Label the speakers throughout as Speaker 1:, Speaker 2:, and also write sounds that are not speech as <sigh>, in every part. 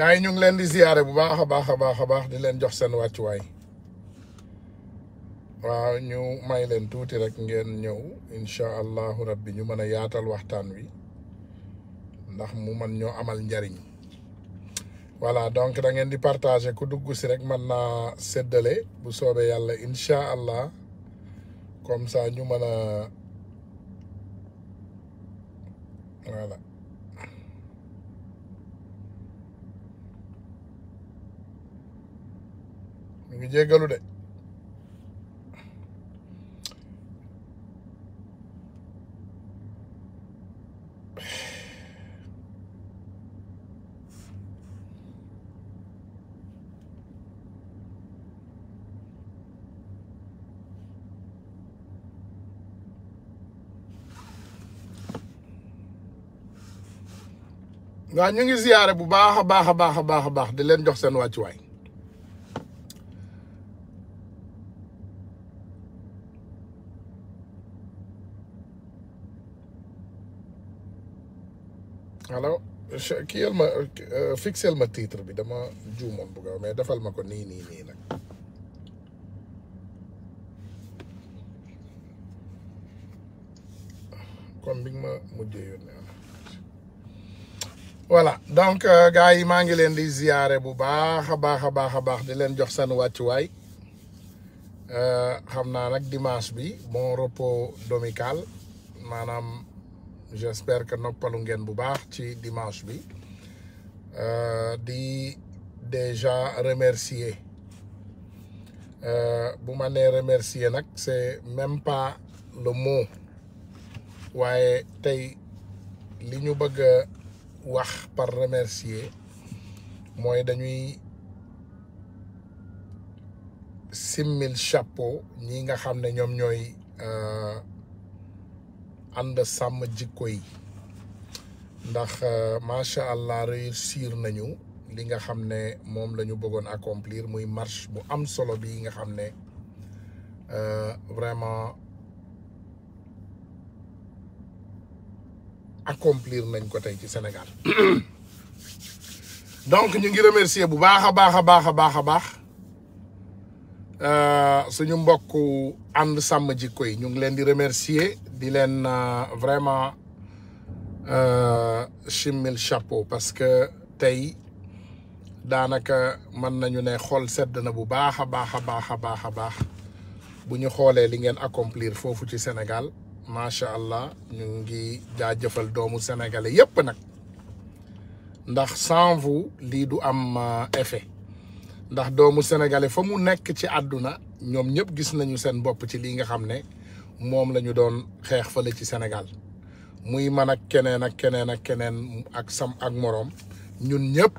Speaker 1: gaa yi ñu leen di ziyaare bu baax a baax a baax a baax di leen jox seen waay waaw ñu may leen tuuti rek ngeen ñëw incha allahu rabbi ñu mën a yaatal waxtaan wi ndax mu mën ñoo amal njariñ voilà donc da ngeen di partager ku dugg si rek mën naa séddale bu soobee yàlla incha allah comme saa ñu mën a voilà ngi jéggalu de waaw ñu ngi ziyaare bu baax a baax a baax a baax di leen jox seen wàccuwaay alors kiyal ma eh, fixel ma tiitre bi dama juumoon bu gaaw mais defal ma ko nii nii nii nag comme bi nga ma mujjee yónnee voilà donc euh, gars yi maa ngi leen di ziyaare bu baax a baax a baax a baax di leen jox seen wàccuwaay euh, xam naa nag dimanche bi bon repos dominical maanaam j'espère que noppalu ngeen bu baax ci dimanche bi euh, di déjà remercier euh, bu ma nee remercier nag c'est même pas le mot waaye tey li ñu bëgg a wax par remercier mooy dañuy simmil chapeau ñi nga xam ne ñoom ñooy euh, ànd sàmm jikko yi ndax euh, macha allah réussir nañu li nga xam ne moom la ñu bëggoon accomplir muy marche bu am solo bi nga xam ne euh, vraiment accomplir nañ ko tey ci Sénégal <coughs> donc ñu ngi remercier bu baax a baax a baax a baax a baax. Euh, suñu mbokk ànd sàmm jikko yi ñu ngi leen di remercier di leen euh, vraiment euh, chimmil chapeau parce que tey daanaka mën nañu ne xol sedd na bu baax a baax a baax a baax a baax bu ñu xoolee li ngeen accomplir foofu ci Sénégal macha allah ñu ngi jaajëfal doomu sénégalais yépp nag ndax sans lii du am effet. ndax doomu sénégalais fa mu nekk ci àdduna ñoom ñëpp gis nañu seen bopp ci lii nga xam ne moom la ñu doon xeex fële ci Sénégal muy mana keneen ak keneen ak keneen ak sam ak moroom ñun ñëpp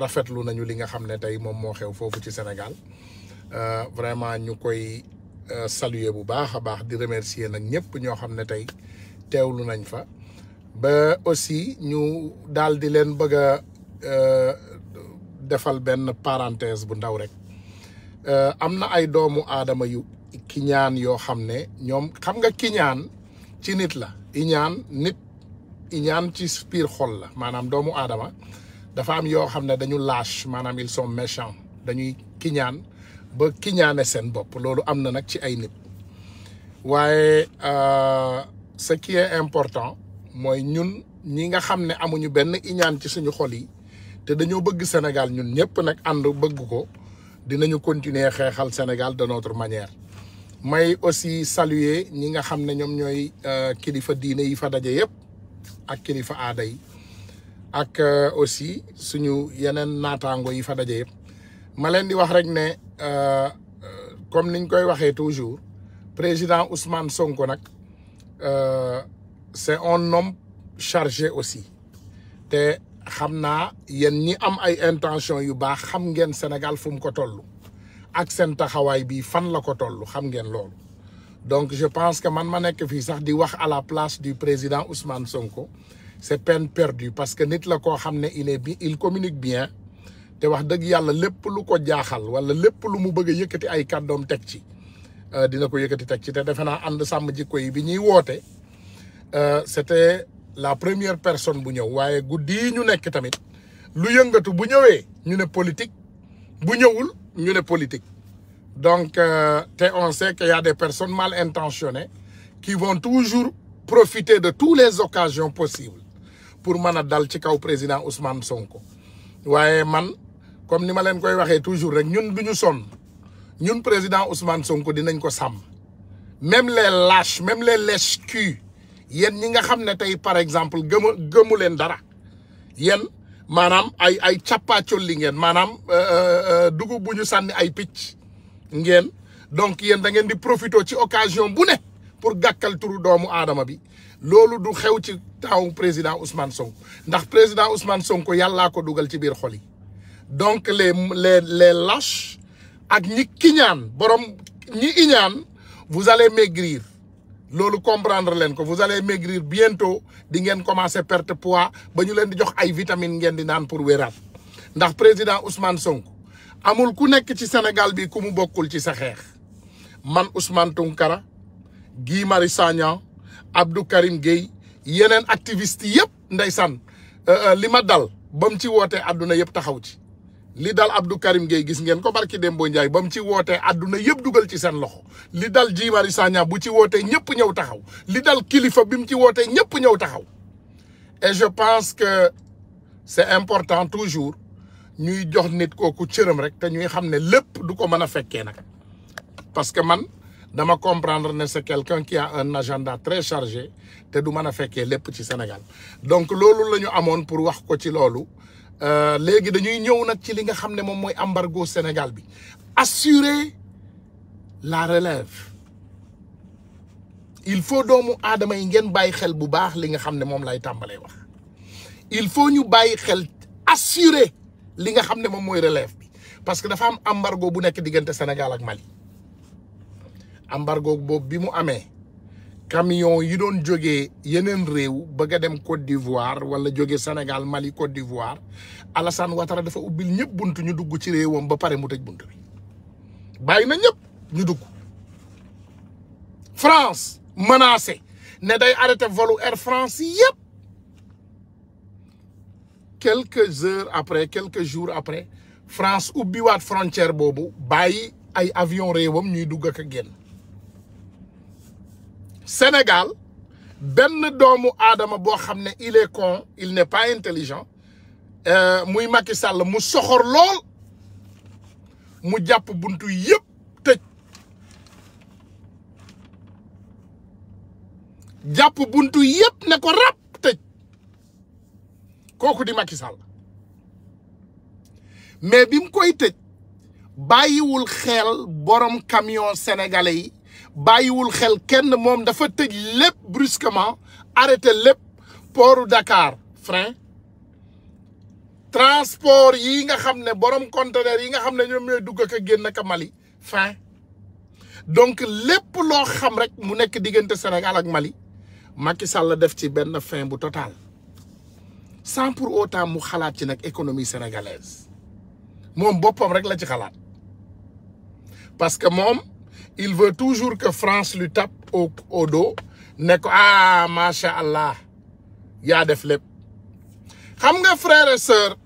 Speaker 1: rafetlu nañu li nga xam ne tey moom moo xew foofu ci Sénégal euh, vraiment ñu koy euh, saluer bu baax a baax di remercier nag ñëpp ñoo xam ne tey teewlu nañ fa ba aussi ñu daal di leen bëgg a euh, defal benn parenthèse bu ndaw rek euh, am na ay doomu aadama yu kiñaan yoo xam ne ñoom xam nga kiñaan ci nit la iñaan nit iñaan ci biir xol la maanaam doomu aadama dafa am yoo xam ne dañu lâche maanaam ils sont méchants dañuy kiñaan ba kiñaane seen bopp loolu am na nag ci ay nit waaye euh, ce qui est important mooy ñun ñi nga xam ne amuñu benn iñaan ci suñu xol yi te dañoo bëgg Sénégal ñun ñëpp nag ànd bëgg ko dina ñu continuer xeexal Sénégal de notre manière may aussi saluer ñi nga xam ne ñoom ñooy euh, kilifa diine yi fa daje yëpp ak kilifa aada yi ak euh, aussi suñu yeneen naataango yi fa daje yëpp ma leen di wax rek ne euh, comme niñ koy waxee toujours président Ousmane Sonko nag c'est un homme chargé aussi te xam naa yéen ñi am ay intention yu baax xam ngeen Sénégal fu mu ko toll ak seen taxawaay bi fan la ko toll xam ngeen loolu donc je pense que man ma nekk fii sax di wax à la place du président Ousmane Sonko c'est peine perdue parce que nit la koo xam ne il bi il communique bien te wax dëgg yàlla lépp lu ko jaaxal wala lépp lu mu bëgg a ay kàddoom teg ci euh, dina ko yëkkati teg ci te defe naa ànd sàmm jiko yi bi ñuy woote euh, c'était la première personne bu ñëw waaye guddi ñu nekk tamit lu yëngatu bu ñëwee ñu ne politique bu ñëwul ñu ne politique donc euh, te on sait qu'il y a des personnes mal intentionnées qui vont toujours profiter de toutes les occasions possibles pour mën a dal ci kaw président Ousmane Sonko waaye man comme ni ma leen koy waxee toujours rek ñun du ñu sonn ñun président Ousmane Sonko dinañ ko sàmm même les lâches même les lèches-culs yéen ñi nga xam ne tey par exemple gëmu gëmu leen dara yéen maanaam ay ay càppaacol li ngeen maanaam euh, euh, euh, dugub bu ñu sànni ay picc ngeen donc yéen da ngeen di profité ci occasion bu ne pour gàkkal turu doomu aadama bi loolu du xew ci taawu président Ousmane Sonko ndax président Ousmane Sonko yàllaa ko dugal ci biir xol yi donc les les les lâches ak ñi kiñaan borom ñi iñaan vous allez maigrir loolu comprendre leen ko vous allez maigrir bientôt di ngeen commencer perte poids ba ñu leen di jox ay vitamines ngeen di naan pour wéraat ndax président Ousmane sonk amul ku nekk ci Sénégal bi ku mu bokkul ci sa xeex man Ousmane Tounkara gi Marius Sagna Abdou Karim Gueye yeneen activistes yëpp ndeysaan euh, euh, li ma dal ba mu ci wootee àdduna yëpp taxaw ci li dal Abdou Karim Gueye gis ngeen ko barki Dembo Ndiaye ba mu ci wootee àdduna yëpp dugal ci seen loxo li dal Guy Marius bu ci wootee ñëpp ñëw taxaw li dal kilifa bi mu ci wootee ñëpp ñëw taxaw et je pense que c'est important toujours ñuy jox nit kooku cëram rek te ñuy xam ne lépp du ko mën a fekkee nag parce que man dama comprendre ne c'est quelqu'un qui a un agenda très chargé te du mën a fekkee lépp ci Sénégal donc loolu la ñu amoon pour wax ko ci loolu Euh, léegi dañuy ñëw nag ci li nga xam ne moom mooy embargo Sénégal bi assurer la relève il faut doomu aadama yi ngeen bàyyi xel bu baax li nga xam ne moom lay tàmbalee wax il faut ñu bàyyi xel assurer li nga xam ne moom mooy relève bi parce que dafa am embargo bu nekk diggante Sénégal ak Mali embargo boobu bi mu amee camion yi doon joge yeneen réew bëgg a dem Côte d'Ivoire wala jóge Sénégal Mali Côte d'Ivoire Alassane Ouattara dafa ubbil ñëpp bunt ñu dugg ci réewam ba pare mu tëj bunt bi bàyyi na ñëpp ñu dugg France menacé ne day arrêté volu Air France yëpp quelques heures après quelques jours après France ubbiwaat frontière boobu bàyyi ay avion réewam ñuy dugg ak a génn Sénégal benn doomu aadama boo xam ne il est con il n'est pas intelligent euh, muy Macky Sall mu soxor lool mu jàpp buntu yëpp tëj jàpp buntu yëpp ne ko rab tëj kooku di Macky Sall mais bi mu koy tëj bàyyiwul xel borom camion sénégalais yi bàyyiwul xel kenn moom dafa tëj lépp brusquement arrêté lépp portu Dakar frein transport yi nga xam ne borom conteneur yi nga xam ne ñoom ñooy dugg ak a génn ak Mali frein donc lépp loo xam rek mu nekk diggante Sénégal ak Mali Macky Sall la def ci benn fin bu total sans pour autant mu xalaat ci nag économie sénégalaise moom boppam rek la ci xalaat parce que moom. il veut toujours que France lui tape au au dos ne ko ah macha allah yaa def lépp xam nga frère et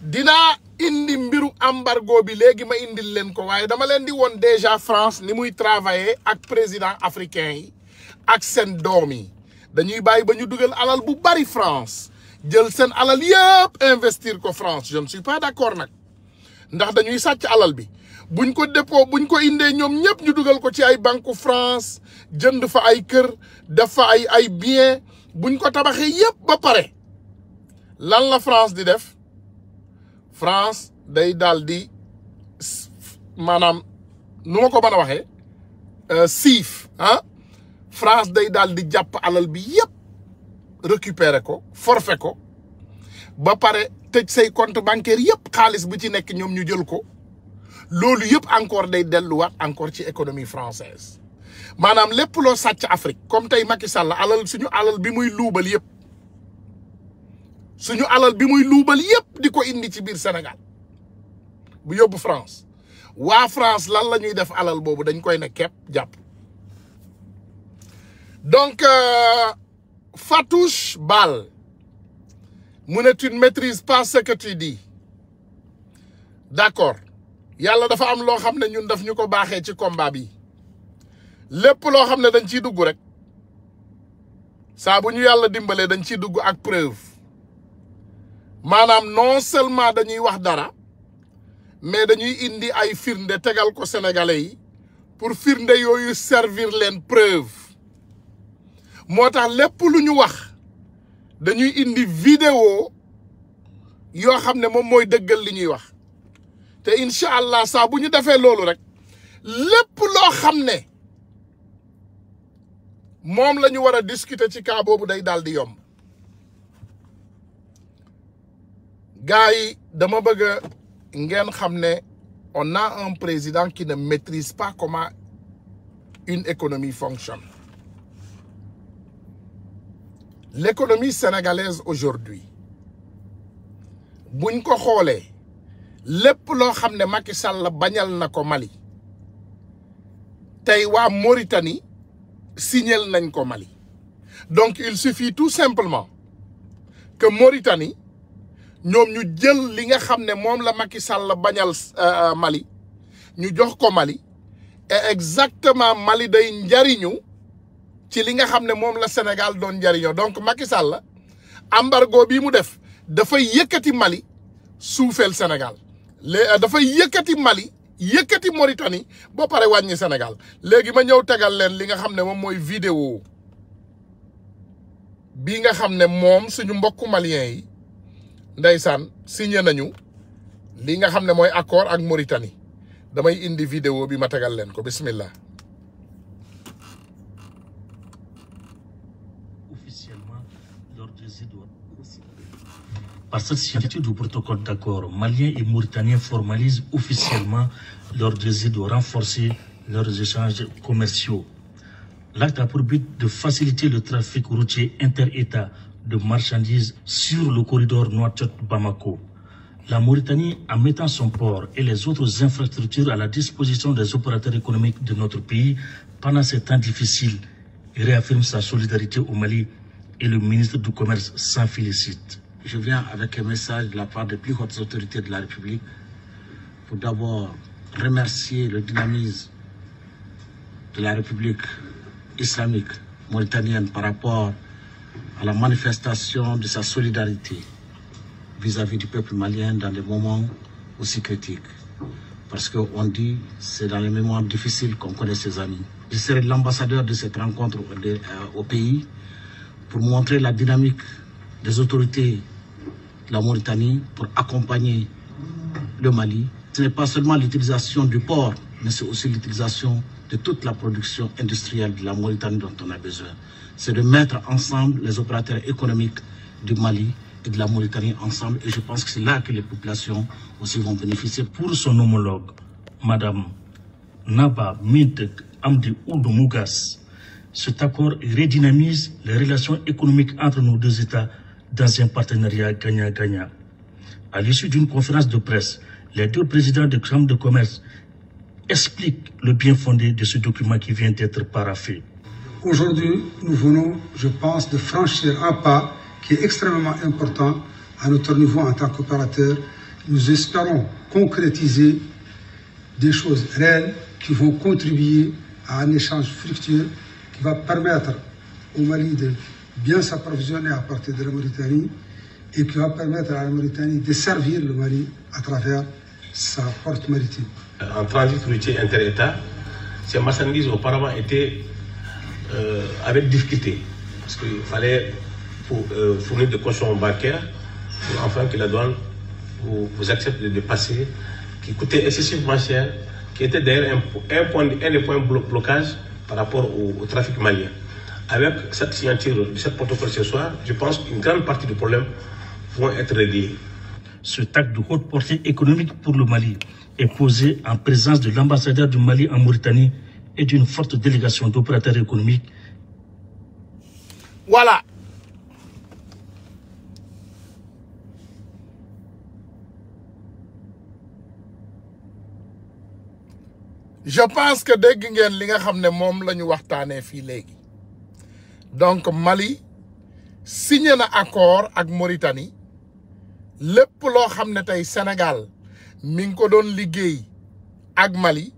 Speaker 1: dinaa indi mbiru embargo bi léegi ma indil leen ko waaye dama leen di woon déjà France ni muy travailler ak président africain yi ak seen doom yi dañuy bàyyi ba ñu dugal alal bu bari France jël seen alal yëpp investir ko France je ne suis pas nag ndax dañuy sàcc alal bi buñ ko dépôt buñ ko indee ñoom ñëpp ñu dugal ko ci ay banque France jënd fa ay kër def fa ay ay bien buñ ko tabaxee yëpp ba pare lan la France di def France day daal di maanaam nu ma ko mën a waxee euh, siif ah France day daal di jàpp alal bi yëpp récupérer ko forfait ko ba pare tëj say compte bancaire yëpp xaalis bu ci nekk ñoom ñu jël ko loolu yëpp encore day delluwaat encore ci économie française maanaam lépp loo sàcc Afrique comme tey Macky Sall alal suñu alal bi muy luubal yëpp suñu alal bi muy luubal yépp di ko indi ci biir senegal bu yóbbu France waa France lan la ñuy def alal boobu dañ koy ne kepp jàpp donc euh, Fatouche Bal mu ne tu ne maîtrises pas ce que d'accord yàlla dafa am loo xam ne ñun daf ñu ko baaxee ci combat bi lépp loo xam ne dañ ciy dugg rek saa bu ñu yàlla dimbalee dañ ciy dugg ak preuve maanaam non seulement dañuy wax dara mais dañuy indi ay firnde tegal ko sénégalais yi pour firnde yooyu servir leen preuve moo tax lépp lu ñu wax dañuy indi vidéo yoo xam ne moom mooy dëggal li ñuy wax te incha allah saa bu ñu defee loolu rek lépp loo xam ne moom la ñu war a discuter ci cas boobu day daal di yomb gars yi dama bëgg a ngeen xam ne on na un président ki ne maîtrise pas comment une économie fonctionne. L'économie sénégalaise aujourd'hui buñ ko xoolee lépp loo xam ne Macky Sall bañal na ko Mali tey waa Mauritanie signal nañ ko Mali donc il suffit tout simplement que Mauritanie ñoom ñu jël li nga xam ne moom la Macky Sall bañal euh, euh, Mali ñu jox ko Mali et exactement Mali day njariñu ci li nga xam ne moom la Sénégal doon njariñoo donc Macky Sall ambargo bi mu def dafay yëkkati Mali suufeel Sénégal lée euh, dafay yëkkati Mali yëkkati Mauritanie boo pare wàññi senegal léegi ma ñëw tegal leen li nga xam ne moom mooy vidéo bi nga xam ne moom suñu mbokku malien yi ndeysaan signé nañu li nga xam ne mooy accord ak moritani damay indi vidéo bi ma tegal leen ko bismillah
Speaker 2: Par cette signature du protocole d'accord, Maliens et Mauritaniens formalisent officiellement leur désir de renforcer leurs échanges commerciaux. L'acte a pour but de faciliter le trafic routier inter-État de marchandises sur le corridor Nouakchott-Bamako. La Mauritanie, en mettant son port et les autres infrastructures à la disposition des opérateurs économiques de notre pays pendant ces temps difficiles, réaffirme sa solidarité au Mali et le ministre
Speaker 3: je viens avec un message de la part des plus hautes autorités de la République pour d'abord remercier le dynamisme de la République islamique mauritanienne par rapport à la manifestation de sa solidarité vis-à-vis -vis du peuple malien dans des moments aussi critiques. Parce qu'on dit c'est dans les moments difficiles qu'on connaît ses amis. Je serai l'ambassadeur de cette rencontre au, de, euh, au pays pour montrer la dynamique des autorités la Mauritanie pour accompagner le Mali. Ce n'est pas seulement l'utilisation du port, mais c'est aussi l'utilisation de toute la production industrielle de la Mauritanie dont on a besoin. C'est de mettre ensemble les opérateurs
Speaker 2: économiques du Mali et de la Mauritanie ensemble. Et je pense que c'est là que les populations aussi vont bénéficier. Pour son homologue, Madame Naba Mintek Amdi Oudou Mougas, cet accord redynamisa les relations économiques entre nos deux États dans un partenariat gagnant-gagnant. À l'issue d'une conférence de presse, les deux présidents de Chambre de commerce expliquent le bien fondé de ce document qui vient d'être paraffé. Aujourd'hui, nous venons, je pense, de franchir un pas qui est extrêmement important à notre niveau en tant qu'opérateur. Nous espérons
Speaker 4: concrétiser des choses réelles qui vont contribuer à un échange fructueux qui va permettre au Mali bien s'approvisionner à partir de la Mauritanie et qui va permettre à la Mauritanie de servir le Mali à travers sa porte maritime.
Speaker 2: En transit routier inter-État, ces marchandises auparavant étaient euh, avec difficulté parce qu'il fallait euh, fournir des cochons bancaires enfin que la douane vous, vous de passer, qui coûtait excessivement qui était d'ailleurs un, point, de blocage par rapport au, au trafic malien. Avec cette signature de ce je pense qu'une grande partie du problème vont être réglés. Cet acte de haute portée économique pour le Mali est posé en présence de l'ambassadeur du Mali en Mauritanie et d'une forte délégation d'opérateurs économiques.
Speaker 1: Voilà. je pense que dégg ngeen li nga xam ne moom la ñu waxtaanee fii léegi donc Mali signe na accord ak moritani lépp loo xam ne tey senegal mi ngi ko doon liggéey ak Mali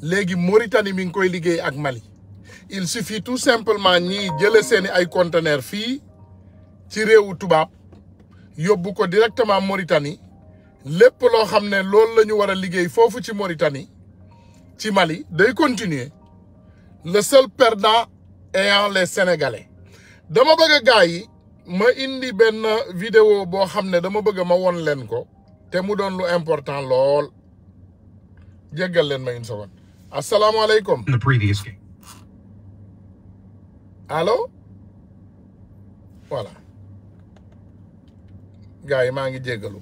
Speaker 1: léegi Mauritanie mi ngi koy liggéey ak Mali il suffit tout simplement ñiy jële seeni ay conteneur fii ci réewu tubaab yóbbu ko directement moritani lépp loo xam ne loolu lañu ñu war a liggéey foofu ci moritani ci Mali day continuer le seul perdant ayant les sénégalais dama bëgg gars yi ma indi benn boo xam ne dama bëgg ma won leen ko te mu doon lu important lool jéggal leen ma une allo voilà gars yi maa ngi jéggalu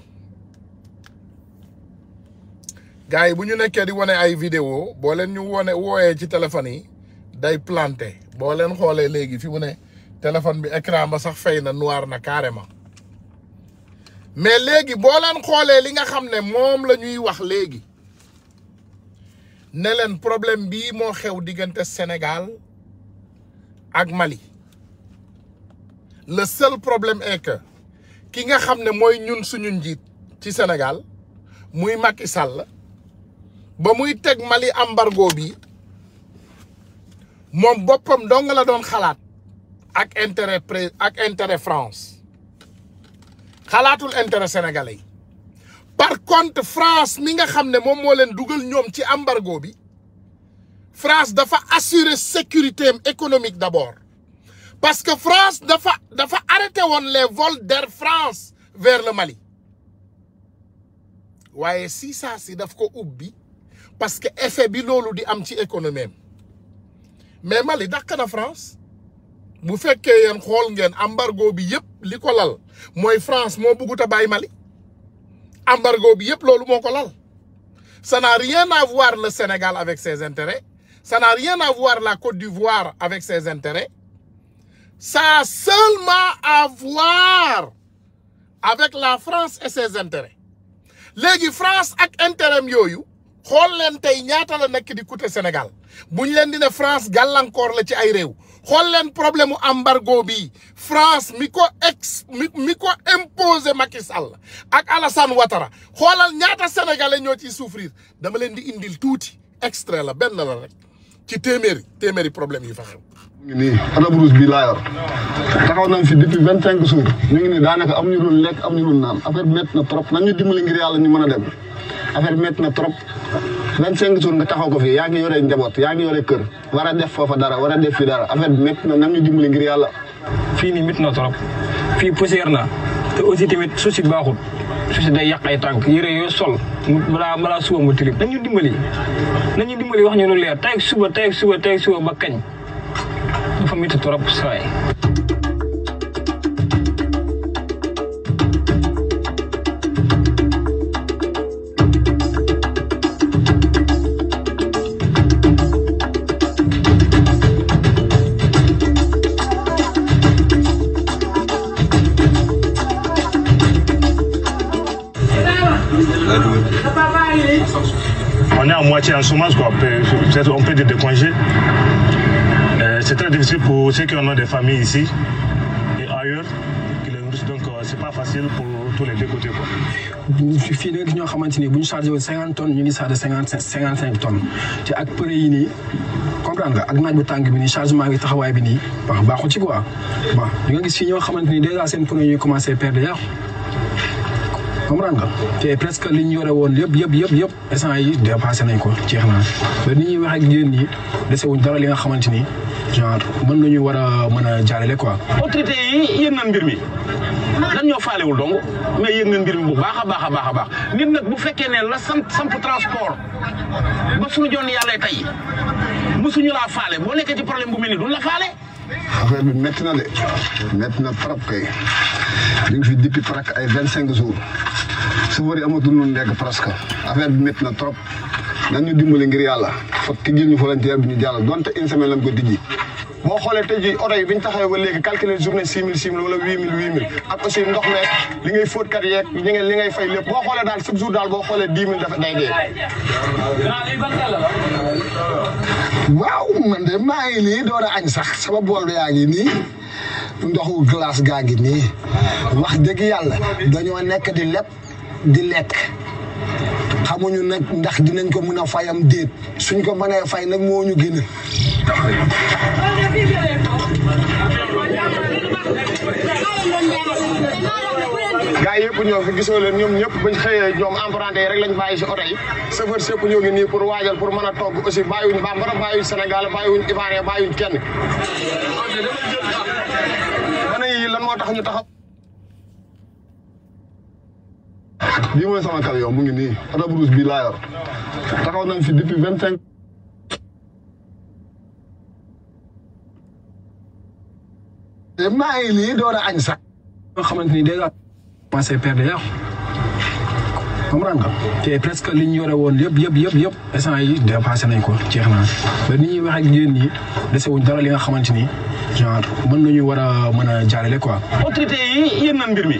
Speaker 1: gars yi bu ñu nekkee di wane ay vidéo boo leen ñu wone wooyee ci téléphone yi day planté boo leen xoolee léegi fi mu ne téléphone bi écran ba sax fay na nuwaar na carrément mais léegi boo leen xoolee li nga xam ne moom la ñuy wax léegi ne leen problème bii moo xew diggante senegal ak Mali le sël problème est ki nga xam ne mooy ñun suñu njiit ci senegal muy Macky Sall ba muy teg Mali embargo bi moom boppam dong la doon xalaat ak intérêt pré ak intérêt France xalaatul intérêt sénégalais yi par kont France mi nga xam ne moom moo leen dugal ñoom ci embargo bi France dafa assurer sécurité économique d'abord parce que France dafa dafa arrêté woon les vols d'Air France ver le Mali waaye si saa si daf ko ubbi parce que effet bi loolu di am ci économie mais Mali dàq na France mu fekkee yeen xool ngeen embargo bi yëpp li ko lal mooy France moo bëggut a Mali embargo bi yëpp loolu moo ko sana ça n'a rien à voir le Sénégal avec ses intérêts ça n'a rien à voir la Côte d'Ivoire avec ses intérêts ça a seulement à voir avec la France e ses intérêts léegi France ak intérêt yooyu xool leen tey ñaata la nekk di coûter Sénégal bu ñu leen di ne France gàllankoor la ci ay réew xool leen problème mu embargo bi France mi ko ex mi ko imposé Macky Sall ak ala Alassane Ouattara xoolal ñaata sénégalais ñoo ciy souffrir dama leen di indil tuuti extrait la benn la rek ci téeméeri téeméeri problème yi fa xew
Speaker 4: nii rabrousse bi laa yor taxaw nañ fi depuis vingt cinq jours ñu ngi ne daanaka am ñu lu lekk am ñu lu naan affaire bi métti na trop nañ ñu dimbali ngir yàlla ñu a dem affaire bi métti na trop vingt cinq jours nga taxaw ko fi yaa ngi yore njaboot yaa ngi yore war a def foofa war a def fi dara affaire bi métti na nañ ñu dimbali ngir yàlla fii ni métti na trop fii poussière na te aussi tamit suuf si baaxul suuf si day yàq ay tànk yére yoo sol mu balaa balaa suba mu tilim nañ ñu dimbali nañ dimbali wax ñu lu leer tey suba tey suba tey ak suba ba kañ Toevermieten dorp Schrei.
Speaker 2: On est à moitié en chômage, quoi. pour ceux qui en ont des qui les nourrissent donc euh, c'est pas facile pour tous les gis ñoo xamante
Speaker 5: ni bu ñu chargé woon cinquante tonnes ñu ngi chargé cinquante cinq cinquante cinq tonnes te ak përe yi nii comprendre nga ak naaj bu tàng bi nii chargement bi taxawaay bi nii waaw baaxul ci quoi bon di nga gis fii ñoo xamante ni déjà seen pneu yi commencé perdre yàqu. comprendre nga te presque li ñu yore woon yëpp yëpp yëpp yëpp essence yi dépassé nañ ko jeex na ba ni ñuy wax ak yéen ñi dese wuñ dara li nga xamante ni. genre mën nañu war a mën a jaarale quoi. a yi yëg nañ
Speaker 6: mbir mi lan ñoo faalewul dong mais yëg nañ mbir mi bu baax a baax a baax a baax bu fekkee ne la sant samp transport ba suñu joon yàlla tey mosuñu laa faale boo nekkee ci problème bu mel ni duñ la faale.
Speaker 4: affaire bi métti na de métti na trop kay ñu ngi fi depuis presque ay vingt cinq jours su wari amatul noonu nekk presque affaire bi métti na trop. nan ñu dimbali ngir yàlla fa tijjil ñu volontaire bi ñu jàll donte une semaine lañ ko tijji boo xoolee tey jii oto bi ñu taxawee ba léegi calculer journée six mille six mille wala huit mille huit mille ak aussi ndox meek li ngay fóotkat yeeg ñi li ngay fay lépp boo xoolee daal chaque jour daal boo xoolee dix dafa day waaw man de maa ngi nii door a añ sax sama bool yaa ngi nii ndoxu glace gaa ngi nii wax dëgg yàlla dañoo nekk di lepp di lekk. xamuñu nag ndax dinañ ko mën a fayam déet suñ ko mënee fay nag moo ñu gën gaa yëpp ñoo fi gisoo leen ñoom ñëpp buñ xëyee ñoom emprunté yi rek lañ bàyyi si oto yi chauffeur yëpp ñoo ngi nii pour waajal pour mën a togg aussi bàyyiwuñ bambara bàyyiwuñ Sénégal bàyyiwuñ Ivoirien bàyyiwuñ kenn. mën yi lan moo tax ñu taxaw. bii mooy sama kar yow mu ngi nii oto brousse bii laa yor taxaw nañ fi depuis vingt cinq maa ngi nii door a añ sax
Speaker 5: xamante ni dèjà comprendre nga te presque li ñu yore woon yëpp yëpp yëpp yëpp essence yi dépassé nañ ko jeex na ba ni ñuy wax ak yéen ñi dese wuñ dara li nga xamante ni genre mën nañu war a mën a jaarale quoi.
Speaker 6: autorité yi yëg nañ mbir mi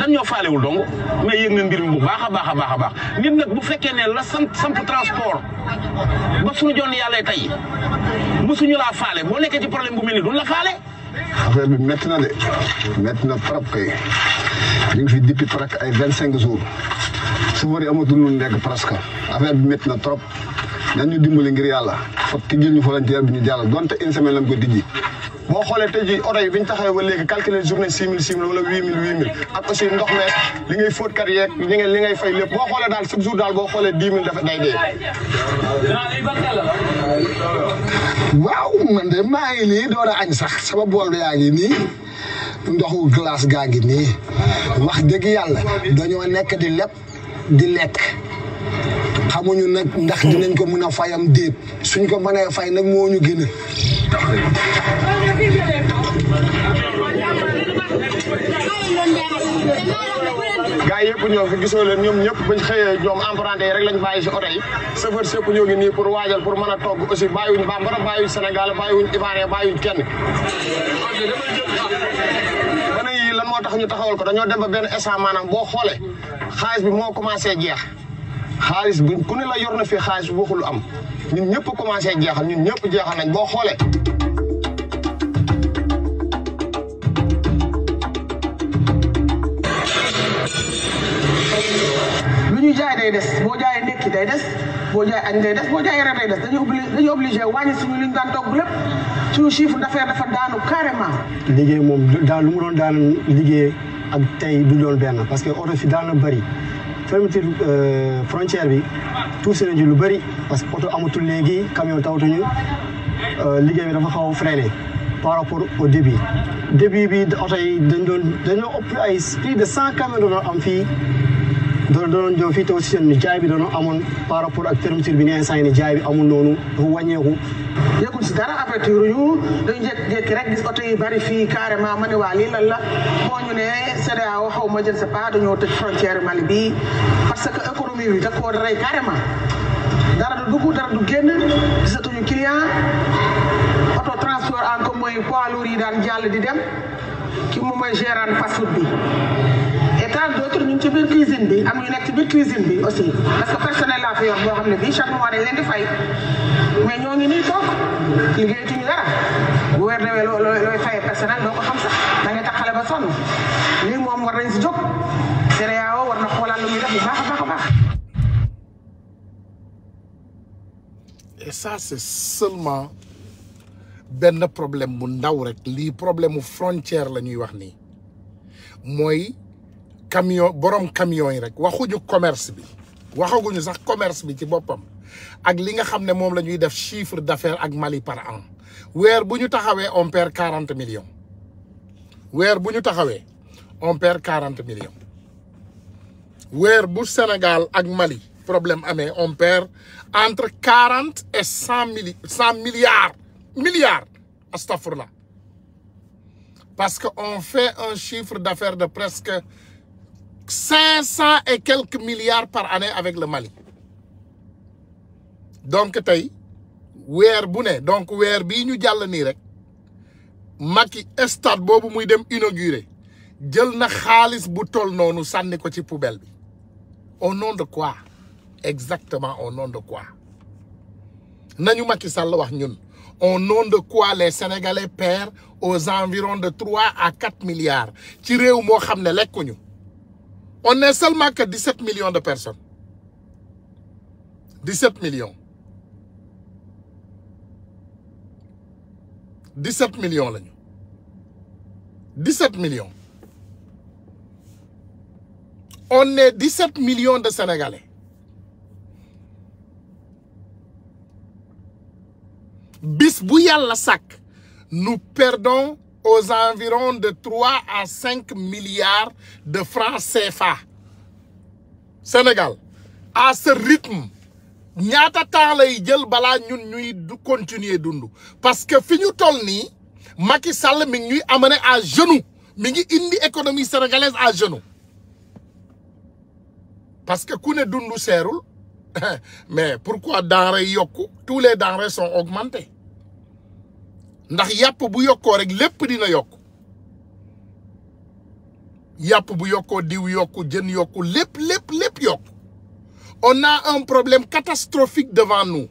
Speaker 6: dañ ñoo faalewul dong mais yëg nañ mbir mi bu baax a baax a baax a baax nit nag bu fekkee ne la sant samp transport ba suñu joon yàlla tey mosuñu laa faale boo nekkee ci problème bu mel ni la faale.
Speaker 4: affaire bi métti na de métti na trop kay ñu ngi fi dippi presque ay vingt cinq jours su wari amatul lu nekk presque affaire bi métti na trop nañ ñu dimbali ngir yàlla fa tijjil ñu volontaire bi ñu jàll donte une semaine lañ ko tijji. boo xoolee tey jii oto yi bi ñu taxawee wa léegi calculer journée six mille six mille wala huit mille huit mille ak aussi ndox mees li ngay fóot kat yeeg li ngay li ngay fay lépp boo xoolee daal chaque jour daal boo xoolee dix mille dafa day dee. waaw man de maa ngi nii door a añ sax sama bool yaa ngi nii ndoxu glace gaa ngi nii wax dëgg yàlla dañoo nekk di lepp di lekk xamuñu nag ndax dinañ ko mën a fayam déet suñ ko mënee fay nag moo ñu gën gars yi yëpp ñoo fi gisoo leen ñoom ñëpp buñ xëyee ñoom emprunté yi rek lañ bàyyi si oto yi chauffeur sëpp ñoo ngi nii pour waajal pour mën a togg aussi bàyyiwuñ bambara bàyyiwuñ Sénégal bàyyiwuñ Ivoirien bàyyiwuñ kenn bana yi lan moo tax ñu taxawal ko dañoo dem ba benn instant maanaam boo xoolee xaalis bi moo commencé jeex xaalis bi ku ne la yor na fi xaalis bi waxul am ñun ñëpp commencé jeexal ñun ñëpp jeexal nañ boo xoolee
Speaker 3: ñuy jaay day des boo jaayee nekki day des boo jaay añ day des boo jaayee reer day des dañuy obligé dañuy obligé wàññi
Speaker 5: suñu dafa daanu carrément.
Speaker 2: liggéey moom daal lu mu doon
Speaker 4: daan liggéey ak tey du doon benn parce que oto fi daan na bëri fermeture euh, frontière bi tuuti nañu lu bëri parce que oto amatul léegi camion tawatuñu euh, liggéey bi dafa xaw a freiné par rapport au début début bi oto yi dañ doon dañoo ëpp ay plus de cent camions doon doon ñëw fii te aussi seen jaay bi doon amoon par rapport ak fermeture bi ne instant yii nii jaay bi amul noonu dafa wàññeeku.
Speaker 5: nekkul si dara aperture yu dañu jékki-jékki oto yi bari fii carrément ma ne waa lii lan la boo ne CEDEAO xaw ma je ne sais pas dañoo Mali bi parce que économie bi da koo rey dara du dara du génn gisatuñu client auto transport en commun mooy poids daan jàll di dem ki mu may gérant fast bi. tant d'autres ñu ngi ci biir am ñu nekk ci biir cuisine bi aussi laa fi yor boo ne bii chaque mois dañ leen di fay mais ñoo ngi nii toog liggéeyatuñu dara bu ba sonn lii moom war nañ si jóg CEDEAO war na xoolaat lu muy def baax baax baax.
Speaker 1: et ça benn problème bu ndaw rek lii problème mu frontière la ñuy wax nii camion borom camion yi rek waxuñu commerce bi waxaguñu sax commerce bi ci boppam ak li nga xam ne moom la ñuy def chiffre d'affaires ak Mali par an weer bu ñu taxawee on perd quarante millions weer bu ñu taxawee on perd quarante millions weer bu Sénégal ak Mali problème amee on perd entre quarante et cent mili cent milliards parce que on fait un chiffre d'affaires de presque cinq cent et quelques milliards par année avec le Mali donc tey weer bu ne donc weer bi ñu jàll nii rek Macky stade boobu muy dem inauguré jël na xaalis bu toll noonu sànni ko ci poubelle bi au nom quoi exactement au nom de quoi nañu Macky Sall wax ñun au nom de quoi les sénégalais perdent aux environs de trois à quatre milliards ci réew moo xam ne lekkuñu on n'est seulement que 17 millions de personnes 17 millions 17 millions lañu 17 millions on est 17 millions de Sénégalais bis bu yàlla sàkk nu perdons aux environs de trois à 5 milliards de francs CFA. Sénégal à ce rythme ñaata temps lay jël balaa ñun ñuy du continuer dund parce que fi ñu toll nii Macky Sall mi ñuy amener à genoux mi ngi indi économie sénégalaise à genoux parce que ku ne dund seerul <laughs> mais pourquoi denrées yokku tous les denrées sont augmentées ndax yàpp bu yokkoo rek lépp dina yokk yàpp bu yokkoo diw yokk jën yokku lépp lépp lépp yokku on a un problème catastrophique devant nous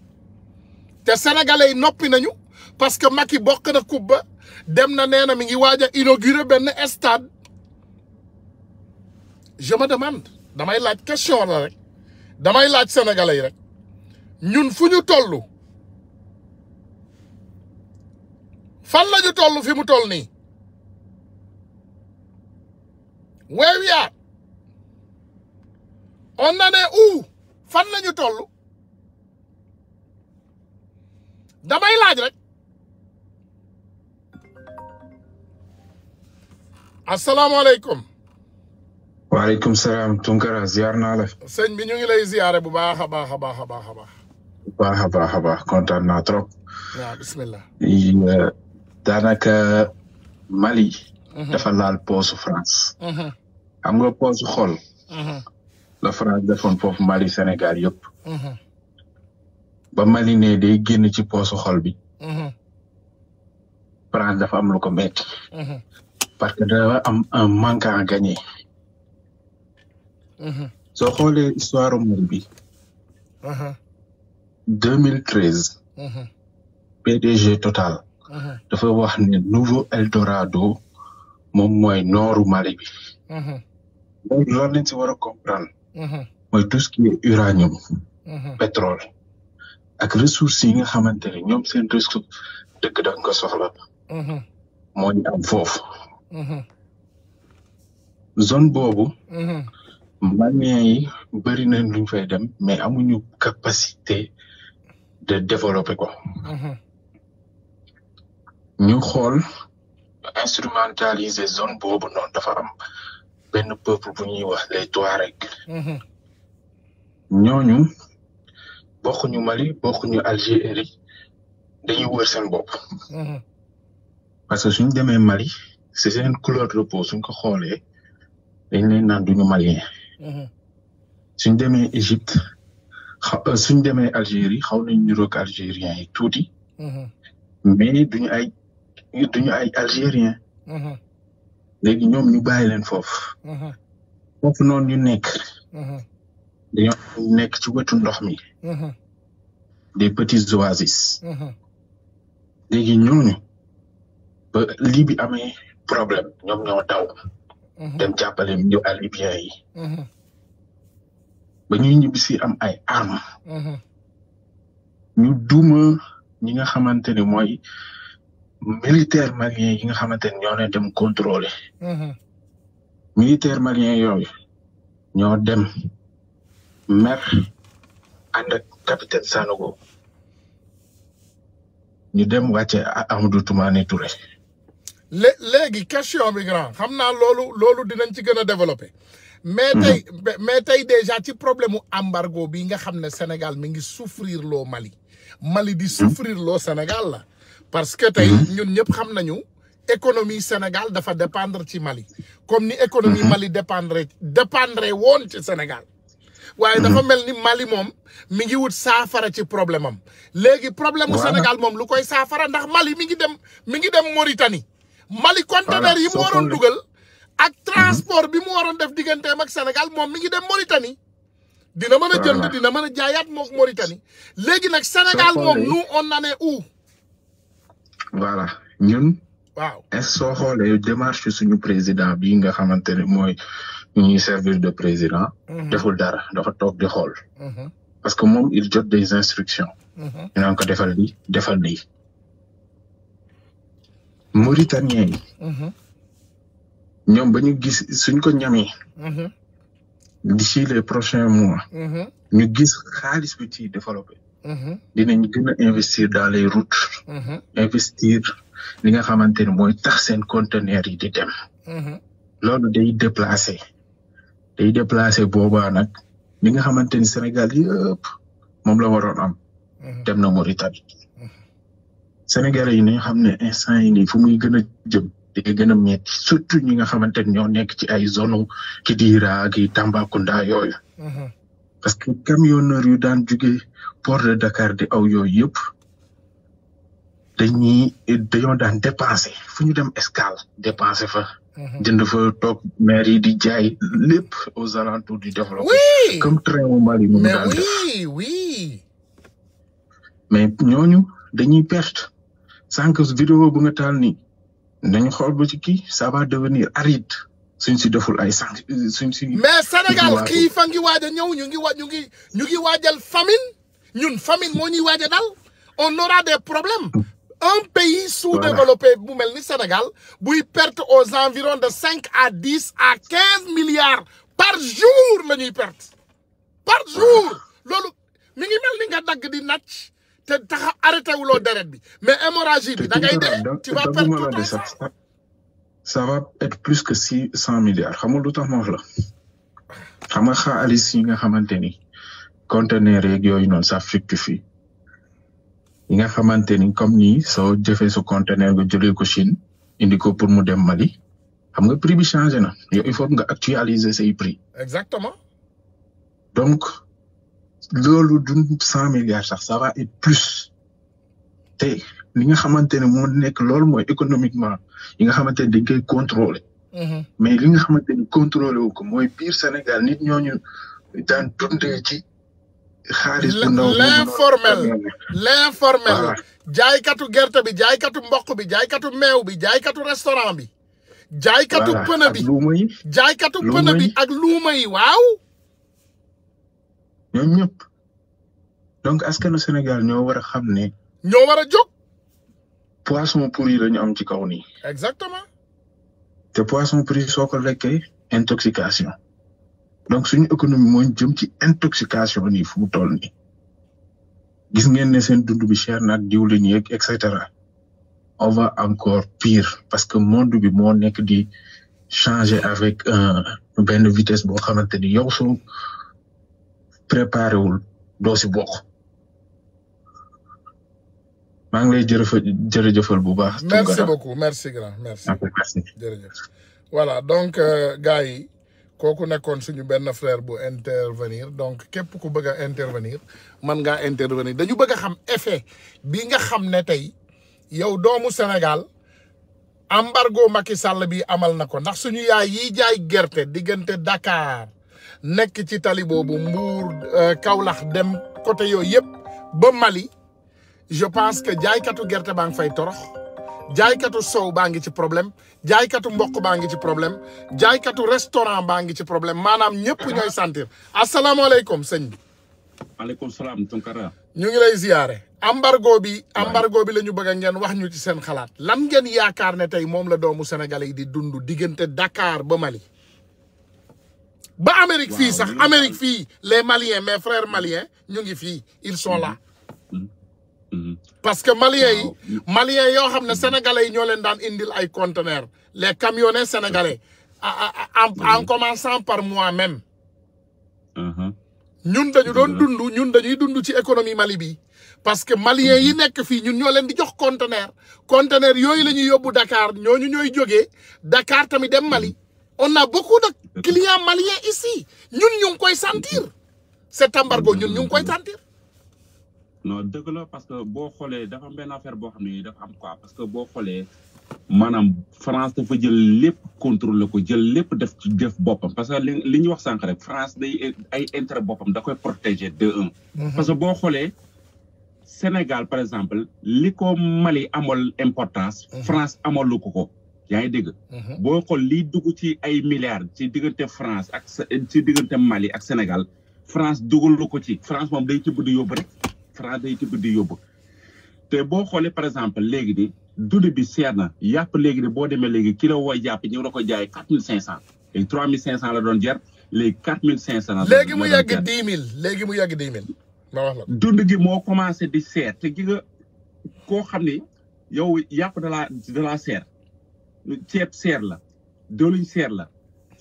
Speaker 1: te sénégalais yi noppi nañu parce que Macky bokk na kubba dem na nee na mi ngi waaj a inaugurer benn stade je me damay laaj question la damay laaj sénégalais yi rek ñun fu ñu tollu fan la ñu toll fi mu toll nii where we are on en est où fan la ñu toll damay laaj rek asalaamaaleykum.
Speaker 5: waaleykum salaam Tunkara ziar naa la.
Speaker 1: sëñ bi ñu ngi lay ziare bu baax a baax a baax a baax a baax.
Speaker 5: bu baax a baax a baax kontaan naa trop.
Speaker 1: waaw bismillah.
Speaker 5: daanaka Mali. Mhm. dafa laal poosu France. Mhm. xam nga poosu xol. Mhm. la France defoon foofu Mali Sénégal yëpp. ba Mali ne day ci poosu xol bi. France dafa am lu ko metti que dafa am un manque soo xoolee histoire Mali bi. 2013. PDG Total. Uh-huh. dafa wax ne nouveau Eldorado moom mooy nooru Mali bi. Uh-huh. loolu loolu lañ si war a comprendre. Uh-huh. mooy tout ce uranium. pétrole ak ressources yi nga xamante ne ñoom seen ressource dëkk da nga ko soxla. moo am foofu. zone boobu. Maliens yi bëri na luñ fay dem mais amuñu capacité de développer ko. ñu xool instrumentaliser zone boobu noonu dafa am benn peuple bu ñuy wax les Touareg mhm. ñooñu ñu Mali bokkuñu Algérie dañuy wër seen bopp mhm. parce que suñ demee Mali c'est seen couleur de peau suñ ko xoolee dañ leen naan duñu malien mhm. suñ demee Égypte euh, suñ demee Algérie xaw nañ niroog algérien tuuti mais duñu ay ñu duñu ay algérien mhm. léegi ñoom ñu bàyyi leen foofu mhm. foofu noonu ñu nekk mhm. dañoo nekk ci wetu ndox mi des petites oasis léegi ñooñu ba lii bi amee problème ñoom ñoo daw dem jàppale ñu à libyen yi ba ñuy am ay armes ñu duma ñi nga xamante ne militaire malien yi nga xamante ne ñoo dem contrôler mhm. militaire malien yooyu ñoo dem mer ànd ak capitaine Sanogo dem wàcce Amadou Toumani Touré.
Speaker 1: lé léegi question bi grand xam naa loolu loolu dinañ ci gën a développé. Mhm. mais mais tey déjà ci problème mu embargo bi nga xam ne Sénégal mi ngi souffrir loo Mali. Mali di mhm. souffrir loo Sénégal parce que tey mhm. ñun ñëpp xam nañu économie Sénégal dafa dépendre ci Mali comme ni économie mhm. Mali dépendre dépendre woon ci Sénégal waaye dafa mhm. mel ni Mali moom mi ngi wut saafara ci problème am léegi problème mu Sénégal moom lu koy saafara ndax Mali mi ngi dem mi ngi dem Mauritanie Mali conteneur yi mu waroon dugal ak transport bi mu waroon def digganteem ak Sénégal moom mi ngi dem Mauritanie dina mën a jënd dina mën a jaayaat moo mook Mauritanie léegi nag Sénégal moom nous on en est où
Speaker 5: voilà ñun. waaw est soo xoolee démarche suñu président bi nga xamante ne mooy ñuy servir de président. Mhm. deful dara dafa toog di xool. Mhm. parce que moom il jot des instructions. Mhm. ñu naan ko defal lii defal lii. Mauritaniens yi. ñoom gis suñ ko ñamee. d'ici les prochains mois. ñu gis xaalis bi ciy développé. Mm-hmm. dinañ gën a investir dans les routes. Mm-hmm. investir li nga xamante ni mooy tax seen conteneur yi di dem. Mm-hmm. loolu day déplacé day déplacé boobaa nag li nga xamante ni Sénégal yëpp moom la waroon am. dem na Mauritanie. Sénégalais yi nañ xam ne instant yi nii fu muy gën a jëm di gën a metti surtout ñi nga xamante ni ñoo nekk ci ay zone Kidira ak Tambacounda yooyu. parce que camionneur yu daan jugee. port de Dakar di aw yooyu yëpp dañuy dañoo daan dépensé fu ñu dem escale dépensé fa. Mhm. jënd fa toog maire yi di jaay lépp au alentours du développement. oui comme train wu Mali moom daan def mais mais ñooñu dañuy perte sànq vidéo bu nga taal nii nañu xool ba ci kii ça va devenir aride. suñ si deful ay sànq suñ si. mais Sénégal kii
Speaker 1: fa ngi waaj a ñu ngi ñu ngi ñu ngi ñun famille moo ñuy waaj a dal on aura des problèmes un pays sous-développé bu mel ni Sénégal buy perte aux environs de cinq à dix à quinze milliards par jour la perte par jour loolu mi ngi mel ni nga dagg di naaj te taxa arrêté wuloo deret bi mais hémorragie bi da ngay dee tu vas
Speaker 5: va être plus que six cent milliards xamul lu tax ma la xam nga xaalis yi nga xamante ni conteneur yeeg yooyu noonu ça fructifie yi nga xamante ni comme nii soo jëfee sa conteneur nga jëlee ko Chine indi ko pour mu dem Mali xam nga prix bi changé na yow il faut nga actualiser say prix. exactement. donc loolu du cent milliards sax ça va être plus te li nga xamante ne moo nekk loolu mooy économiquement yi nga xamante ne dañ koy contrôler. Mm-hmm. mais li nga xamante ni contrôlé wu ko Sénégal nit ñooñu daan dundee ci
Speaker 1: xaalis bu ndaw l'informel l'informel jaaykatu gerte bi jaaykatu mboq bi jaaykatu meew bi jaaykatu restaurant bi jaaykatu pëna bi jaaykatu pëna bi ak luuma yi waaw
Speaker 5: ñoom ñëpp donc askanu Sénégal ñoo war a xam ne ñoo war a jóg poisson pourri la ñu am ci kaw nii exactement te poisson pourri soo ko lekkee intoxication donc suñu économie mooy jëm ci intoxication nii fu mu toll gis ngeen ne seen dund bi cher nag diwlin yeeg et cetera on va encore parce que monde bi moo nekk di changer avec euh, benn vitesse boo xamante ni yow soo préparé wul doo si bokk maa ngi lay jërëfa jërëjëfal bu baax. merci beaucoup
Speaker 1: merci grand merci. voilà donc euh, gars kooku nekkoon suñu benn frère bu intervenir donc képp ku bëgg a intervenir man ngaa intervenir dañu bëgg a xam effet bi nga xam ne tey yow doomu Sénégal embargo Macky sàll bi amal na ko ndax suñu yaay yiy jaay gerte diggante Dakar nekk ci tali boobu Mbour euh, Kaolack dem côté yooyu yëpp ba Mali je pense que jaaykatu gerte baa ngi fay torox jaaykatu sow baa ngi ci problème jaaykatu mboq baa ngi ci problème jaaykatu restaurant baa ngi ci problème maanaam ñëpp ñooy sentir asalaamaaleykum sëñ bi. maaleykum salaam ñu ngi lay ziyaare. embargo bi embargo bi la ñu bëgg a ngeen wax ñu ci seen xalaat lan ngeen yaakaar ne tey moom la doomu Sénégal yi di dundu diggante dakaar ba Mali. ba Amérique fii sax Amérique fii les Maliens mes frères malien ñu ngi fii ils sont mhm. là. Mm-hmm. parce que maliens yi maliens yoo xam ne sénégalais yi ñoo leen daan indil ay conteneurs les camionneurs sénégalais en en mm-hmm. commençant par moi-même mm-hmm. ñun dañu doon dund ñun dañuy dund ci économie Mali bi parce que maliens yi nekk fii ñun ñoo leen di jox conteneur conteneur yooyu la ñuy yóbbu ñoo ñu ñooy jógee dakaar tamit dem Mali on a beaucoup de clients maliens ici ñun ñu ngi koy sentir cet embargo ñun ñu ngi koy sentir
Speaker 6: non dëgg la parce que boo xoolee dafa am benn affaire boo xam ne dafa am quoi parce que boo xoolee maanaam France dafa jël lépp contrôler ko jël lépp def ci def boppam parce que li li ñu wax sànq rek France day ay intérêt boppam da koy protéger de un. Mhm. parce que boo xoolee Sénégal par exemple li ko Mali amal importance. Mhm. France amalu ko ko. yaa ngi dégg. Mhm. boo xool liy dugg ci ay milliards ci diggante France ak ci ak Sénégal France dugalu ko ci. France moom day ci bëgg yóbbu rek. Fra day tibb di yóbbu te boo xoolee par exemple léegi di dund bi seer na yàpp léegi di boo demee léegi kilo wooy yàpp ñu ngi la ko jaay quatre mille cinq cent léegi trois mille cent la doon jar léegi quatre mille cinq cent. léegi mu yàgg dix mille léegi mu yàgg dix mille ma gi moo commencé di seer te gi nga koo xam ne yow yàpp da laa da laa seer ceeb seer la dëwlin seer la.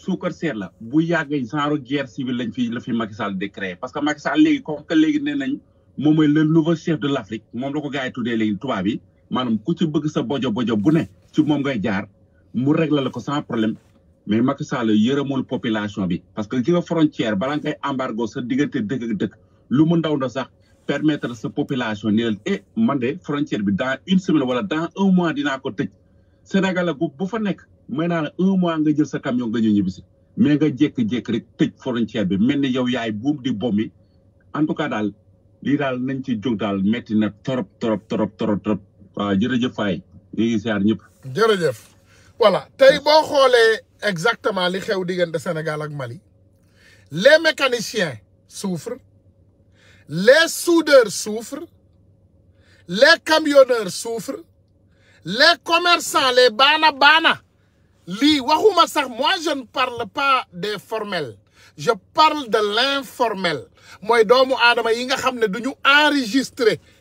Speaker 6: suukar seer la bu yàgg genre guerre civile lañ fi la fi Macky Sall di parce que Macky Sall léegi ko que léegi nee nañ. moom mooy le nouveau chef de l' Afrique moom la ko gars yi tuddee léegi tubaab yi maanaam ku ci bëgg sa bojo bojo bu ne ci moom ngay jaar mu réglé la ko sans problème mais Macky Sall yërëmul population bi. parce que ki nga frontière balaa ngay embargo sa diggante dëkk dëkk lu mu ndaw na sax permettre sa population ni leen eh man de frontière bi dans une semaine wala dans un mois dinaa ko tëj Sénégal la bu fa nekk may naa ne un mois nga jël sa camion nga ñëw ñibbisi mais nga jékki-jékki rek tëj frontière bi mel ni yow yaay buum di bommi en tout cas daal. lii daal nañ ci jóg daal métti na trop trop trop trop trop waaw jërëjëf Faye ñu ngi siyaar ñëpp.
Speaker 1: jërëjëf voilà tey boo xoolee exactement li xew diggante Sénégal ak Mali les mécaniciens souffrent les soudeurs souffrent les camionneurs souffrent les commerçants les baana baana lii waxuma sax mois je par la pas des formel je parle de l'informel mooy doomu aadama yi nga xam ne du ñu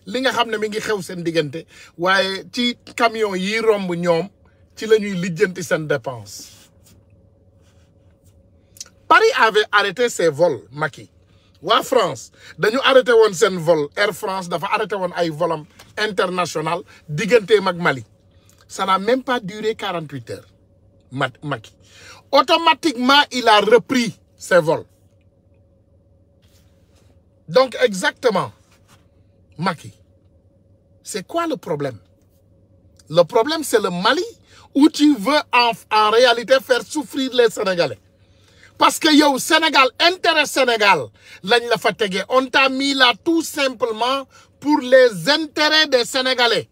Speaker 1: li nga xam ne mi ngi xew seen diggante waaye ci camion yi romb ñoom ci la ñuy lijjanti seen dépense Paris avait arrêté ses vols Macky waa France dañu arrêté woon seen vol Air France dafa arrêté woon ay volam international diggante mag Mali ça n'a même pas duré quarante huit heures Macky automatiquement il a repris ces vols donc exactement Macky c'est quoi le problème le problème c'est le Mali où tu veux en en réalité faire souffrir les Sénégalais parce que yow Sénégal intérêt Sénégal lañ la fa tegee on t'a mi là tout simplement pour les intérêts des Sénégalais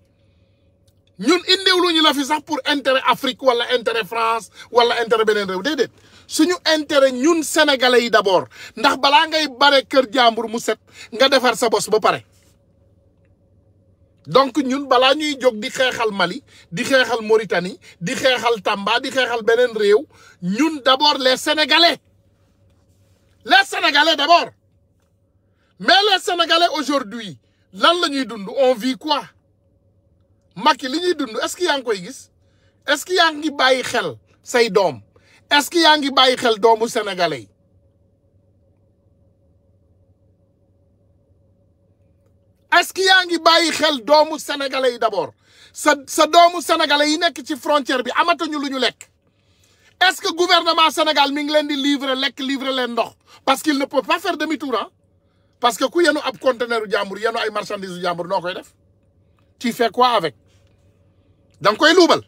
Speaker 1: ñun indiwluñu la fi sax pour intérêt Afrique wala intérêt France wala intérêt beneen réew déedéet suñu intérêt ñun sénégalais yi d'abord ndax balaa ngay bare kër jàmbur mu set nga defar sa bos ba pare donc ñun balaa ñuy jóg di xeexal Mali di xeexal Mauritanie di xeexal Tamba di xeexal beneen réew ñun d'abord les sénégalais les sénégalais d'abord mais les sénégalais aujourd'hui lan la ñuy dund on vit quoi Macky li ñuy dund est-ce que yaa ngi koy gis est-ce que yaa ngi bàyyi xel say doom est-ce yaa ngi bàyyi xel doomu sénégalais yi est yaa ngi bàyyi xel doomu sénégalais yi d'abord sa sa doomu sénégalais yi nekk ci frontière bi amatañu lu ñu lekk est-ce que gouvernement Sénégal mi ngi leen di livrer lekk livrer leen ndox parce qu'il ne peut pas faire demi-tour ah parce que ku yenu ab conteneur jàmbur yenu ay marchandises u jàmbur noo koy def tu fais quoi avec da koy luubal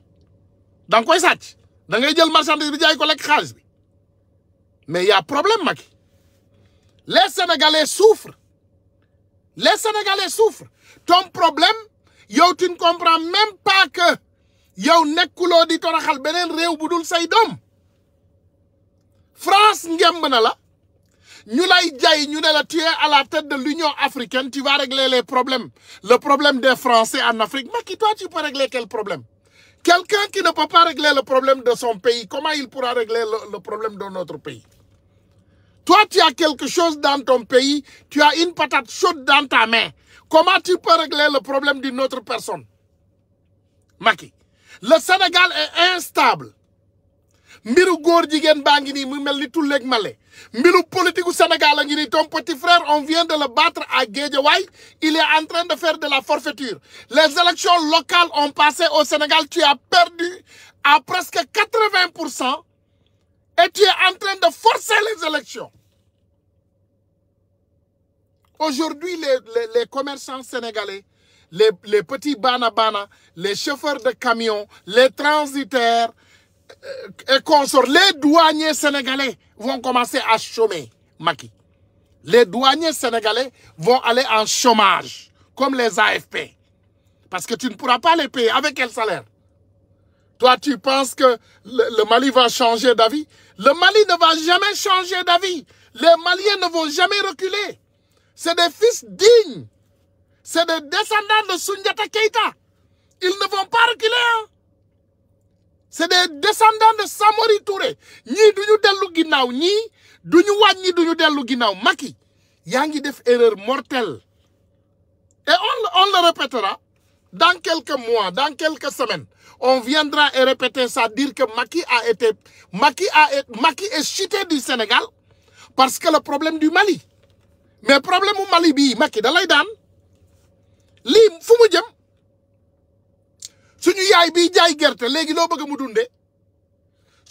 Speaker 1: danga koy sàcc da ngay jël marchandise bi jaay ko lekk xaalis bi mais y' a problème Macky les sénégalais souffrent les sénégalais souffrent ton problème yow tu ne comprends même yow nekkuloo di toroxal beneen réew bu dul say doom France ngemb na la ñu lay jay ñu ne la tu es à la tête de l'Union africaine tu vas régler les problèmes le problème des Français en Afrique Macky toi tu peux régler quel problème Quelqu'un qui ne peut pas régler le problème de son pays, comment il pourra régler le, problème de notre pays Toi, tu as quelque chose dans ton pays, tu as une patate chaude dans ta main. Comment tu peux régler le problème d'une autre personne Maki, le Sénégal est instable. mbiru góor jigéen baa ngi nii mu mel ni tulleeg male mbiru politique u Sénégal a ngi nii ton petit frère on vient de le battre à Guédiawaye il est en train de faire de la forfaiture les élections locales ont passé au Sénégal tu as perdu à presque quatre-vingts pour cent et tu es en train de forcer les élections aujourd'hui les, les les commerçants sénégalais les les petits bana bana les chauffeurs de camions les transitaires et euh, euh, consorts, les douaniers sénégalais vont commencer à chômer, Maki. Les douaniers sénégalais vont aller en chômage, comme les AFP. Parce que tu ne pourras pas les payer. Avec quel salaire Toi, tu penses que le, le Mali va changer d'avis Le Mali ne va jamais changer d'avis. Les Maliens ne vont jamais reculer. C'est des fils dignes. C'est des descendants de Sundiata Keita. Ils ne vont pas reculer. c'est des descendants de Samori Touré ñii du ñu dellu ginnaaw ñii du ñu wàññi du ñu dellu ginnaaw Macky yaa ngi def erreur mortelle et on on le répétera dans quelques mois dans quelques semaines on viendra et répéter ça dire que Macky a été Macky a Macky est chuté du Sénégal parce que le problème du Mali mais problème mu Mali bii Macky da lay daan lii fu mu jëm. suñu yaay biy jaay gerte léegi loo bëgg mu dunde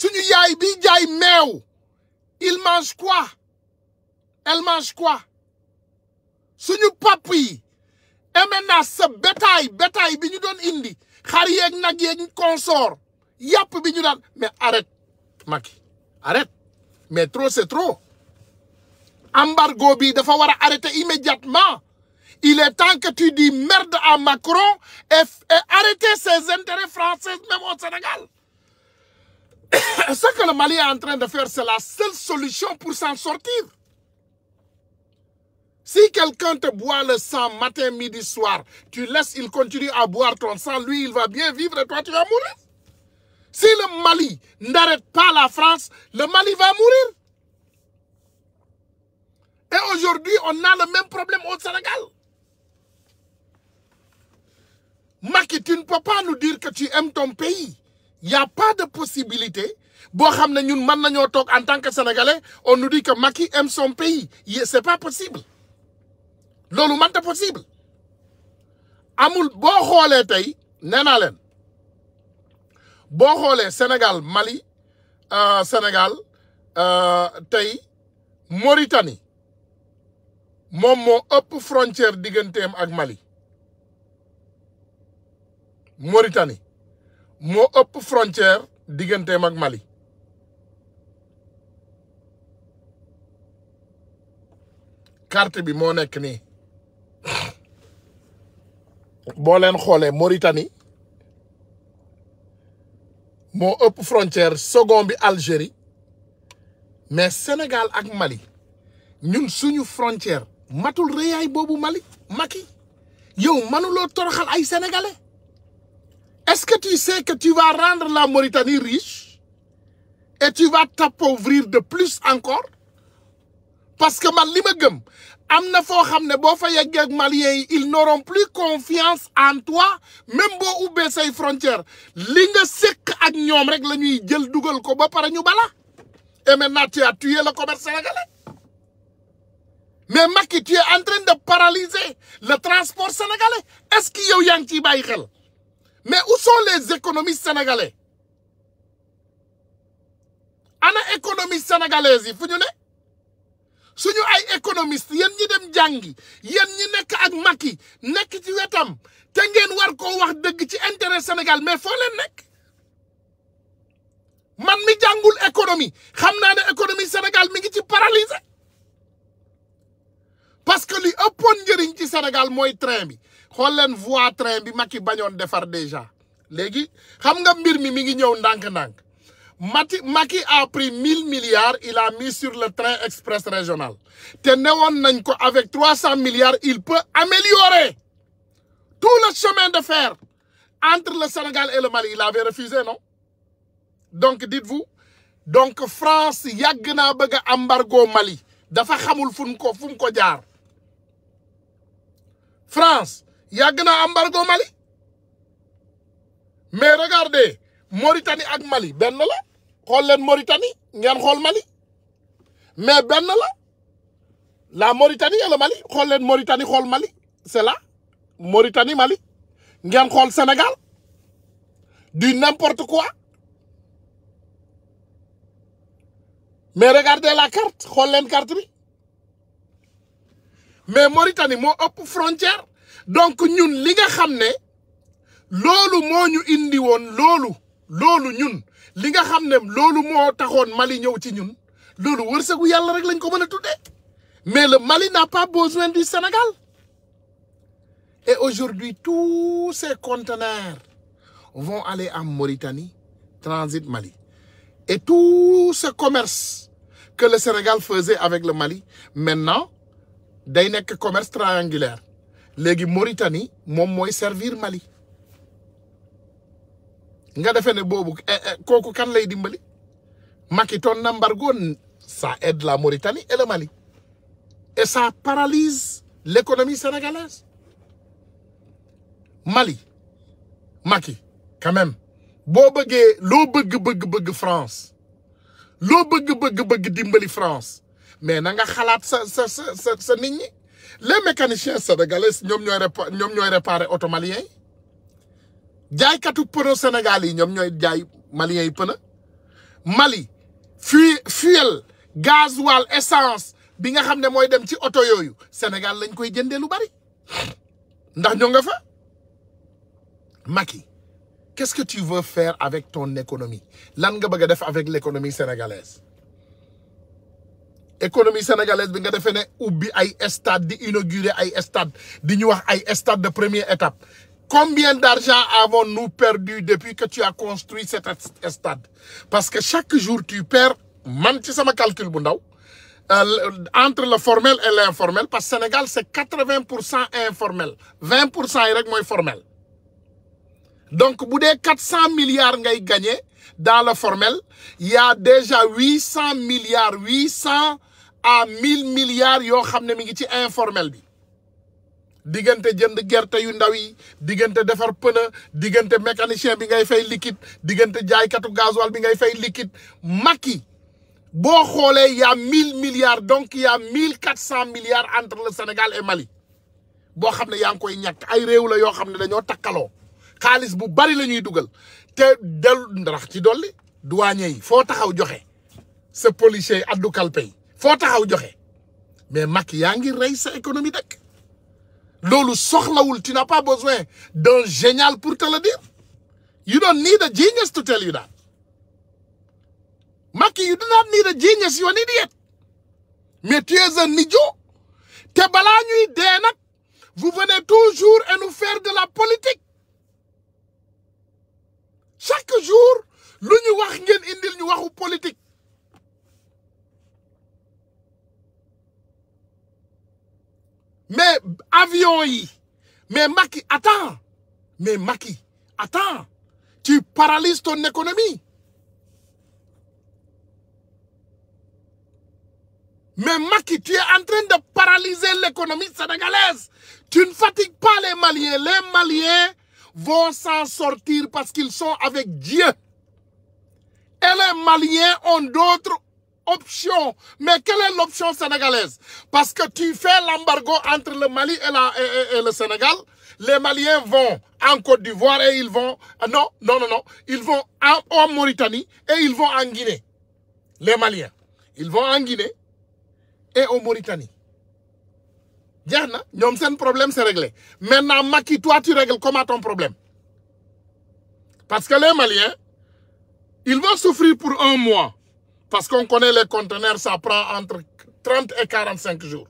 Speaker 1: suñu yaay biy jaay meew il mange quoi elle mange quoi suñu papp yi MNA sa bétail bétail bi ñu doon indi xar yeeg nag yeeg consort yàpp bi ñu daan mais arrête Macky arrête mais trop c'est trop embargo bi dafa war a arrêter immédiatement Il est temps que tu dis merde à Macron et, et arrêtez ses intérêts français même au Sénégal. <coughs> Ce que le Mali est en train de faire, c'est la seule solution pour s'en sortir. Si quelqu'un te boit le sang matin, midi, soir, tu laisses, il continue à boire ton sang, lui, il va bien vivre et toi, tu vas mourir. Si le Mali n'arrête pas la France, le Mali va mourir. Et aujourd'hui, on a le même problème au Sénégal. Macky tu ne peux pas nous dire que tu aimes pas de possibilité boo xam ne ñun man nañoo toog en tant que sénégalais on nous dit que Macky aime son pays c'est pas possible loolu mënta possible amul boo xoolee tey nee naa leen boo xoolee Sénégal Mali euh, euh tey Mauritanie moom moo ëpp frontière digganteem ak Mali Mauritanie moo ëpp frontière digganteem ak Mali carte bi moo nekk ni boo leen xoolee Mauritanie moo ëpp frontière second bi Algérie mais Sénégal ak Mali ñun suñu frontière matul réyaay boobu Mali Macky yow mënuloo toroxal ay sénégalais Est-ce que tu sais que tu vas rendre la Mauritanie riche et tu vas t'appauvrir de plus encore parce que man li gëm am na foo xam ne boo fa yeggee ak maliens il ils n'auront plus confiance en toi même boo ubbee say frontières li nga sëkk ak ñoom rek la ñuy jël dugal ko ba pare ñu bala et maintenant tu as tué le commerce sénégalais mais Macky tu es en train de transport sénégalais est-ce que yow yaa ngi ciy bàyyi xel mais où sont les économistes sénégalais ana économistes sénégalaises yi fu ñu ne suñu ay économistes yéen ñi dem jàngi yéen ñi nekk ak Macky nekk ci wetam te ngeen war koo wax dëgg ci intérêt Sénégal mais foo leen nekk man mi jàngul économie xam naa ne économie Sénégal mi ngi ci paralysé parce que li ëppoon njëriñ ci senegal mooy train bi xool leen voie train bi Macky bañoon defar déjà léegi xam nga mbir mi mi ngi ñëw ndànk-ndànk Mati Macky a pris mille milliards il a mis sur le train express régional te newoon nañ ko avec trois cent milliards il peut améliorer tout le chemin de fer entre le Sénégal et le Mali il avait refusé non donc dites-vous donc France yàgg naa bëgg a embargo Mali dafa xamul fu mu ko fu mu ko jaar France yàgg naa embargo Mali mais regardez Mauritanie ak Mali benn la xool leen Mauritanie ngeen xool Mali mais benn la la Mauritanie et le Mali xool leen Mauritanie xool Mali c'est là Mauritanie Mali ngeen xool Sénégal du n'importe quoi mais regardez la carte xool leen carte bi mais Mauritanie moo ëpp frontière donc ñun li nga xam ne loolu moo ñu indi woon loolu loolu ñun li nga xam ne loolu moo taxoon Mali ñëw ci ñun loolu wërsëgu yàlla rek lañ ko mën a mais le Mali n'a pas besoin du Sénégal et aujourd'hui tous ces conteneurs vont aller en Mauritanie transit Mali et tout ce commerce que le Sénégal faisait avec le Mali maintenant day nekk commerce triangulaire léegi Mauritanie moom mooy servir Mali nga defee ne boobu eh, eh, kooku kan lay dimbali Macky ton na embargo ça aide la Mauritanie et le Mali et ça paralyse l'économie sénégalaise Mali Macky quand même boo bëggee loo bëgg bëgg bëgg France loo bëgg bëgg bëgg dimbali France mais na nga xalaat sa sa sa sa les mécaniciens sénégalais ñoom ñooy répa ñoom ñooy réparer oto malien yi jaaykatu pneu Sénégal yi ñoom ñooy jaay malien yi pneu Mali fui fuel gasoil essence bi nga xam ne mooy dem ci oto yooyu Sénégal lañ koy jëndee lu bari ndax ñoo nga fa Macky qu'est-ce que tu veux faire avec ton économie lan nga bëgg a def avec l'économie sénégalaise économie sénégalaise bi nga defee ne ubbi ay stade di inaugurer ay stade di ñu wax ay stade de premier étape combien d'argent avons-nous perdu depuis que tu as construit cet stade parce que chaque jour tu perds man ci sama calcul bu ndaw euh, entre la formel et l'informel parce que Sénégal c'est quatre-vingts pour cent informel vingt pour cent yi rek mooy formel donc bu dee quatre cent milliards ngay gagner dans le formel il y a déjà huit cent milliards cent à mille milliards yoo xam ne mi ngi ci informel bi diggante jënd gerte yu ndaw yi diggante defar pneu diggante mécanicien bi ngay fay liquide diggante jaaykatu gasoil bi ngay fay liquide Macky boo xoolee y a mille milliards donc y a mille quatre cent milliards entre le Sénégal et Mali boo xam ne yaa ngi koy ñàkk ay réew la yoo xam ne dañoo takkaloo xaalis bu bari la ñuy dugal te del ndax ci dolli douanier yi foo taxaw joxe sa policier yi addu kalpe yi foo taxaw joxe mais Macky yaa ngi rey sa économie dëkk loolu soxlawul tu n'as pas besoin d'un génial pour te le dire you don't need a genius to tell you da Macky you do not need a genius you are mais tu es un idiot te balaa ñuy dee nag vous venez toujours et nous faire de la politique chaque jour lu ñu wax ngeen indil ñu waxu politique mais avion yi mais Macky attends mais Macky attends tu paralyses ton économie mais makki tu es en train de paralyser l'économie sénégalaise tu ne fatigues pas les Maliens les Maliens vont s'en sortir parce qu'ils son avec Dieu et les Maliens ont option. Mais quelle est l'option sénégalaise Parce que tu fais l'embargo entre le Mali et, la, et, et, le Sénégal. Les Maliens vont en Côte d'Ivoire et ils vont... Euh, non, non, non, Ils vont en, et ils vont en Guinée. Les Maliens. Ils vont en Guinée et en Mauritanie. jeex na ñoom seen problème c'est réglé maintenant Macky toi tu règles comment ton problème parce que les Maliens ils vont souffrir pour un mois Parce qu'on connaît les conteneurs, ça prend entre 30 et 45 jours.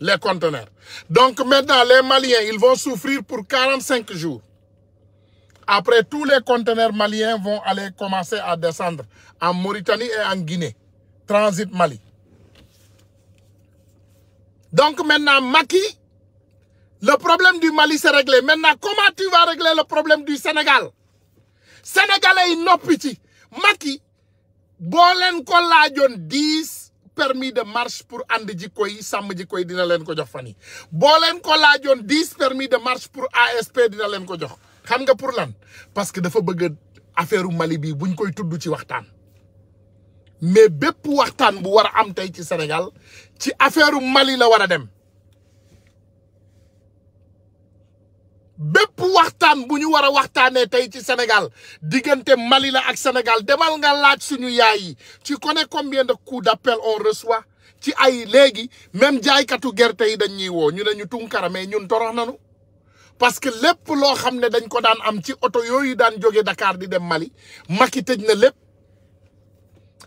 Speaker 1: Les conteneurs. Donc maintenant, les Maliens, ils vont souffrir pour 45 jours. Après, tous les conteneurs maliens vont aller commencer à descendre en Mauritanie et en Guinée. Transit Mali. Donc maintenant, Maki, le problème du Mali c'est réglé. Maintenant, comment tu vas le problème du Sénégal Sénégalais, ils n'ont pitié. Maki, boo leen ko laajoon dix permis de marche pour ànd jikko yi sàmm jikko yi dina leen ko jox fan yi boo leen ko laajoon dix permis de marche pour ASP dina leen ko jox xam nga pour lan parce que dafa bëgg affaire Mali bi buñ koy tudd ci waxtaan mais bépp waxtaan bu war a am tey ci Sénégal ci affaire Mali la war a dem bépp waxtaan bu ñu war a waxtaanee tey ci senegal diggante Mali la ak senegal demal nga laaj suñu yaay yi ci connais combien de coups d'appel on ci ay léegi même jaaykatu gerte yi dañ ñuy woo ñu ne ñu Tunkara mais ñun torox nanu parce que lépp loo xam ne dañ ko daan am ci oto yooyu daan jóge dakaar di dem Mali makki tëj na lépp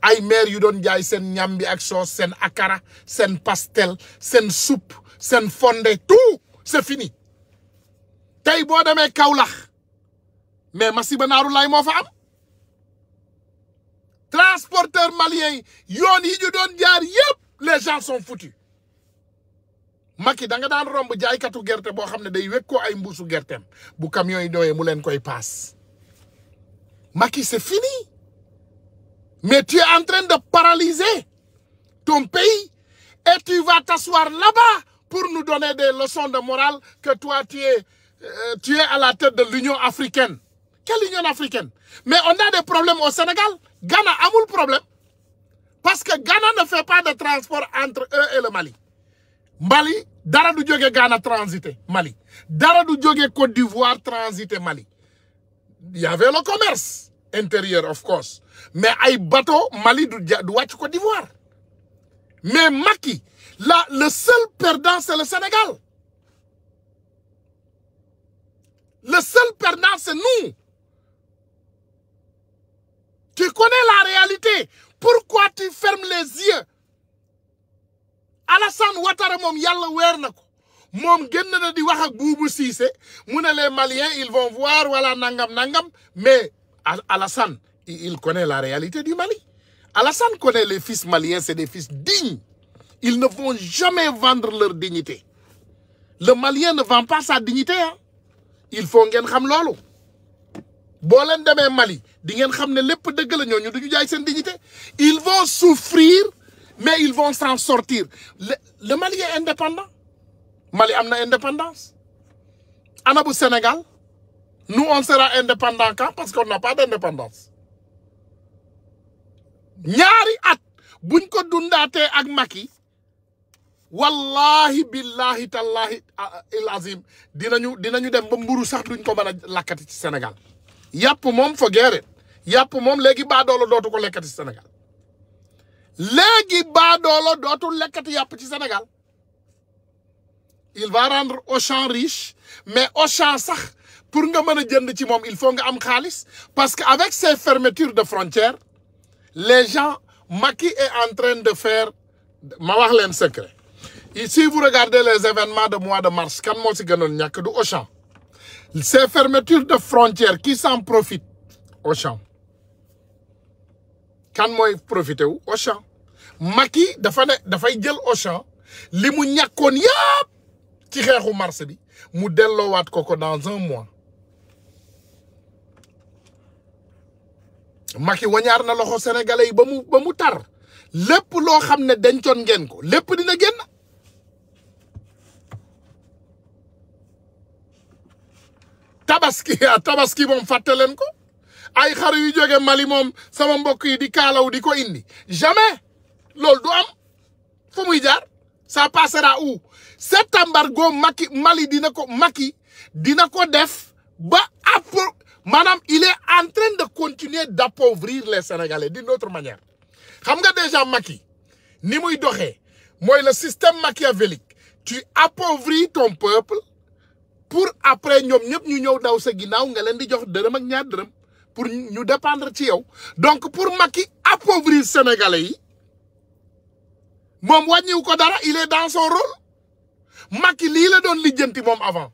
Speaker 1: ay maire yu doon jaay seen ñambi ak soos seen akara seen pastel seen soupe seen fondé tout c'est tey boo demee Kaolack mais masiba naaru laay moo fa am transporteur malien yi yoon yi ñu doon jaar yëpp les gens sont foutus Macky da nga daan romb jaaykatu gerte boo xam ne day wékkoo ay mbuusu gerteem bu camion yi doyee mu leen koy paas Macky c'est fini mais tu es en train de paralyser ton pays et tu vas t'asseoir là-bas pour nous donner des leçons de morale que toi tu Euh, tu es à la tête de l'Union africaine. Quelle Union africaine Mais on a problème au Sénégal. Ghana a problème. Parce que Ghana ne fait de transport entre eux et le Mali. Mali, dara du jóge Ghana transité Mali. dara du jóge Côte d'Ivoire transité Mali. y avait le commerce intérieur of course mais ay bateau Mali du du wàcc Côte d'Ivoire la le seul perdant le Sénégal. Le seul perdant, c'est nous. Tu connais la réalité. Pourquoi tu fermes les yeux Alassane Ouattara moom yàlla weer na ko moom génn na di wax ak Boubou Cissé mu ne les Maliens ils vont voir wala nangam nangam mais Alassane il connaît la réalité du Mali Alassane connaît les fils maliens c'est des fils dignes ils ne vont jamais vendre leur dignité le Malien ne vend pas sa dignité hein il faut ngeen xam loolu boo leen demee Mali di ngeen xam ne lépp dëgg la ñooñu du ñu jaay seen dignité ils vont souffrir mais ils vont s'en sortir le le Mali est indépendant Mali am na indépendance ana bu Sénégal nous on indépendant quand parce qu'on n'a pas d'indépendance ñaari at buñ ko dundaatee ak maki wallahi billahi tallahi ah, ah, il azim dinañu dinañu dem ba mburu sax duñ ko mën lakkati ci Sénégal yàpp moom forget it yàpp moom léegi baadoolo dootu ko lekkati ci Sénégal léegi baadoolo dootul lekkati yàpp ci Sénégal il va rendre Auchan riche mais Auchan sax pour nga mën a jënd ci moom il faut nga am xaalis parce que avec ces fermetures de frontières les gens Macky est en train de faire ma waxleen leen Et si vous regardez les événements de mois de mars, quand moi, c'est du Auchan. Ces fermetures de frontières, qui s'en profitent Auchan. Quand moi, profite Auchan. Maki, dafay jël Auchan, li mu ñàkkoon yépp ci xeexu mars bi, mu delloowaat ko ko dans un mois. Maki wañaar na loxo sénégalais yi ba mu ba mu tar lépp loo xam ne dencoon ngeen ko lépp dina génn. tabaski ah, tabaski moom fàtte leen ko ay xar yu joge Mali moom sama mbokk yi di kaalaw di ko indi jamais loolu du am fu muy jaar ça passera où cet embargo Macky Mali dina ko Macky dina ko def ba app maanaam il est en train de continuer d'appauvrir les Sénégalais d'une autre xam nga déjà Macky ni muy doxee mooy le système machiavélique tu appauvris ton peuple pour après ñoom ñëpp ñu ñëw daw sa ginnaaw nga leen di jox dërëm ak ñaar dërëm pour ñu dépendre ci yow donc pour Macky appauvrir sénégalais yi moom wàññiw ko dara il est dans son rôle lii la doon lijjanti moom avant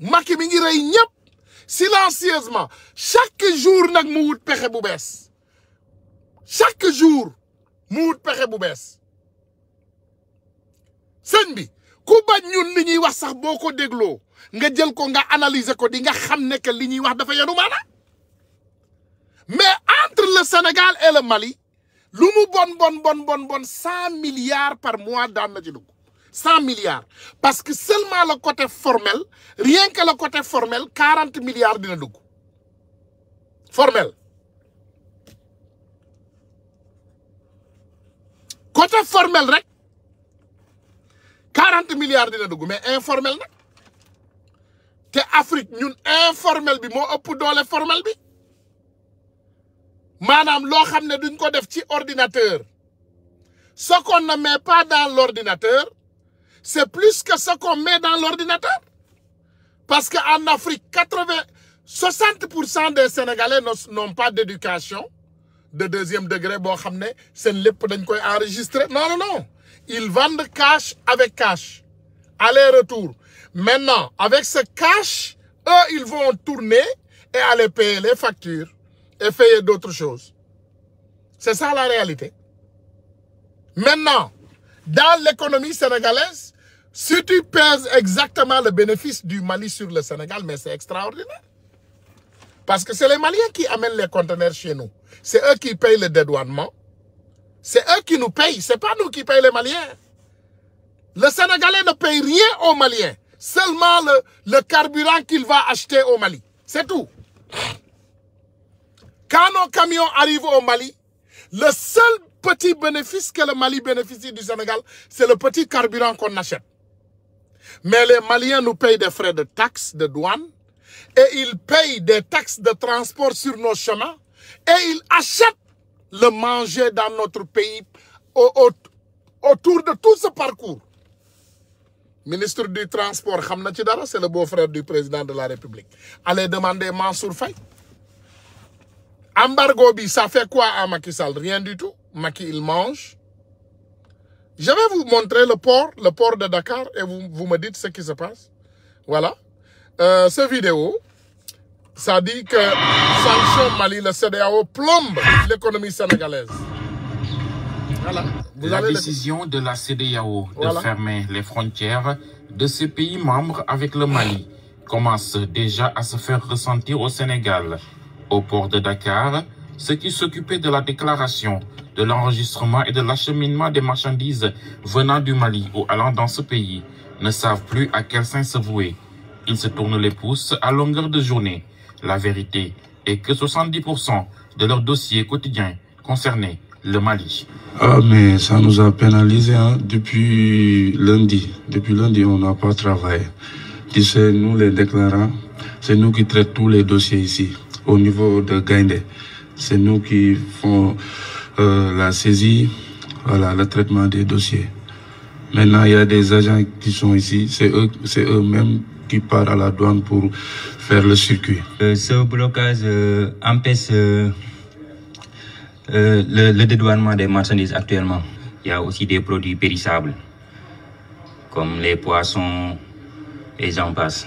Speaker 1: Macky mi ngi rey ñëpp silencieusement chaque jour nag mu wut pexe bu bees chaque jour mu wut pexe bu bees sëñ bi ku bañ ñun li ñuy wax sax boo ko dégloo nga jël ko nga analyser ko di nga xam ne que li ñuy wax dafa yanu maana mais entre le Sénégal et Mali lu mu bon bon bon bon bon cent milliards par mois daan na ci dugg cent milliards parce que seulement le côté formel rien que le côté formel quarante milliards dina dugg formel côté formel rek 40 milliards dina dugg mais informel na te Afrique ñun informel bi moo ëpp doole formel bi maanaam loo xam ne duñ ko def ci ordinateur ce qu'on ne met pas dans l'ordinateur c'est plus que ce qu'on met dans l'ordinateur parce que en Afrique 80 60 pour cent des Sénégalais n'ont pas d'éducation de deuxième degré boo xam ne sen lépp dañ koy enregistrer non non non Ils vendent cash avec cash. Aller-retour. Maintenant, avec ce cash, eux, ils vont tourner et aller payer les factures et payer d'autres choses. C'est ça la réalité. Maintenant, dans l'économie sénégalaise, si tu pèses exactement le bénéfice du Mali sur le Sénégal, mais c'est extraordinaire. Parce que c'est les Maliens qui amènent les conteneurs chez nous. C'est eux qui payent le dédouanement. C'est eux qui nous payent. C'est pas nous qui payons les Maliens. Le Sénégalais ne paye rien aux Maliens. Seulement le, le carburant qu'il va acheter au Mali. C'est tout. Quand nos camions arrivent au le seul petit bénéfice que le Mali bénéficie du Sénégal, c'est le petit carburant qu'on Mais les Maliens nous payent des frais de taxes, de douane, et ils payent des taxes de transport sur nos chemins, et ils achètent le manger dans notre pays au, au, autour de tout ce parcours ministre du transport xam na ci dara c'est le beau-frère du président de la république allez demander Mansour Faye embargo bi ça fait quoi à Macky Sall rien du tout Macky il mange je vous montrer le port le port de Dakar et vous vous me dites ce qui se passe voilà euh, ce vidéo Ça dit que sanction Mali, la
Speaker 7: décision de la CDAO de voilà. fermer les frontières de ses pays membres avec le Mali commence déjà à se faire ressentir au Sénégal. Au port de Dakar, ceux qui s'occupaient de la déclaration, de l'enregistrement et de l'acheminement des marchandises venant du Mali ou allant dans ce pays ne savent plus à quel sein se vouer. Ils se tournent les pouces à longueur de journée. La vérité est que 70% de leurs dossiers quotidiens concernaient le Mali.
Speaker 8: Ah, mais ça nous a pénalisé hein, depuis lundi. Depuis lundi, on n'a pas travaillé. Tu nous les déclarants, c'est nous qui traitons tous les dossiers ici, au niveau de Gaindé. C'est nous qui font euh, la saisie, voilà, le traitement des dossiers. Maintenant, il y a des agents qui sont ici, c'est eux, mêmes qui partent à la douane pour faire le circuit. Euh, ce blocage euh, empêche
Speaker 2: euh, le, le dédouanement des marchandises actuellement. Il y a aussi des produits périssables, comme les poissons et j'en
Speaker 8: passe.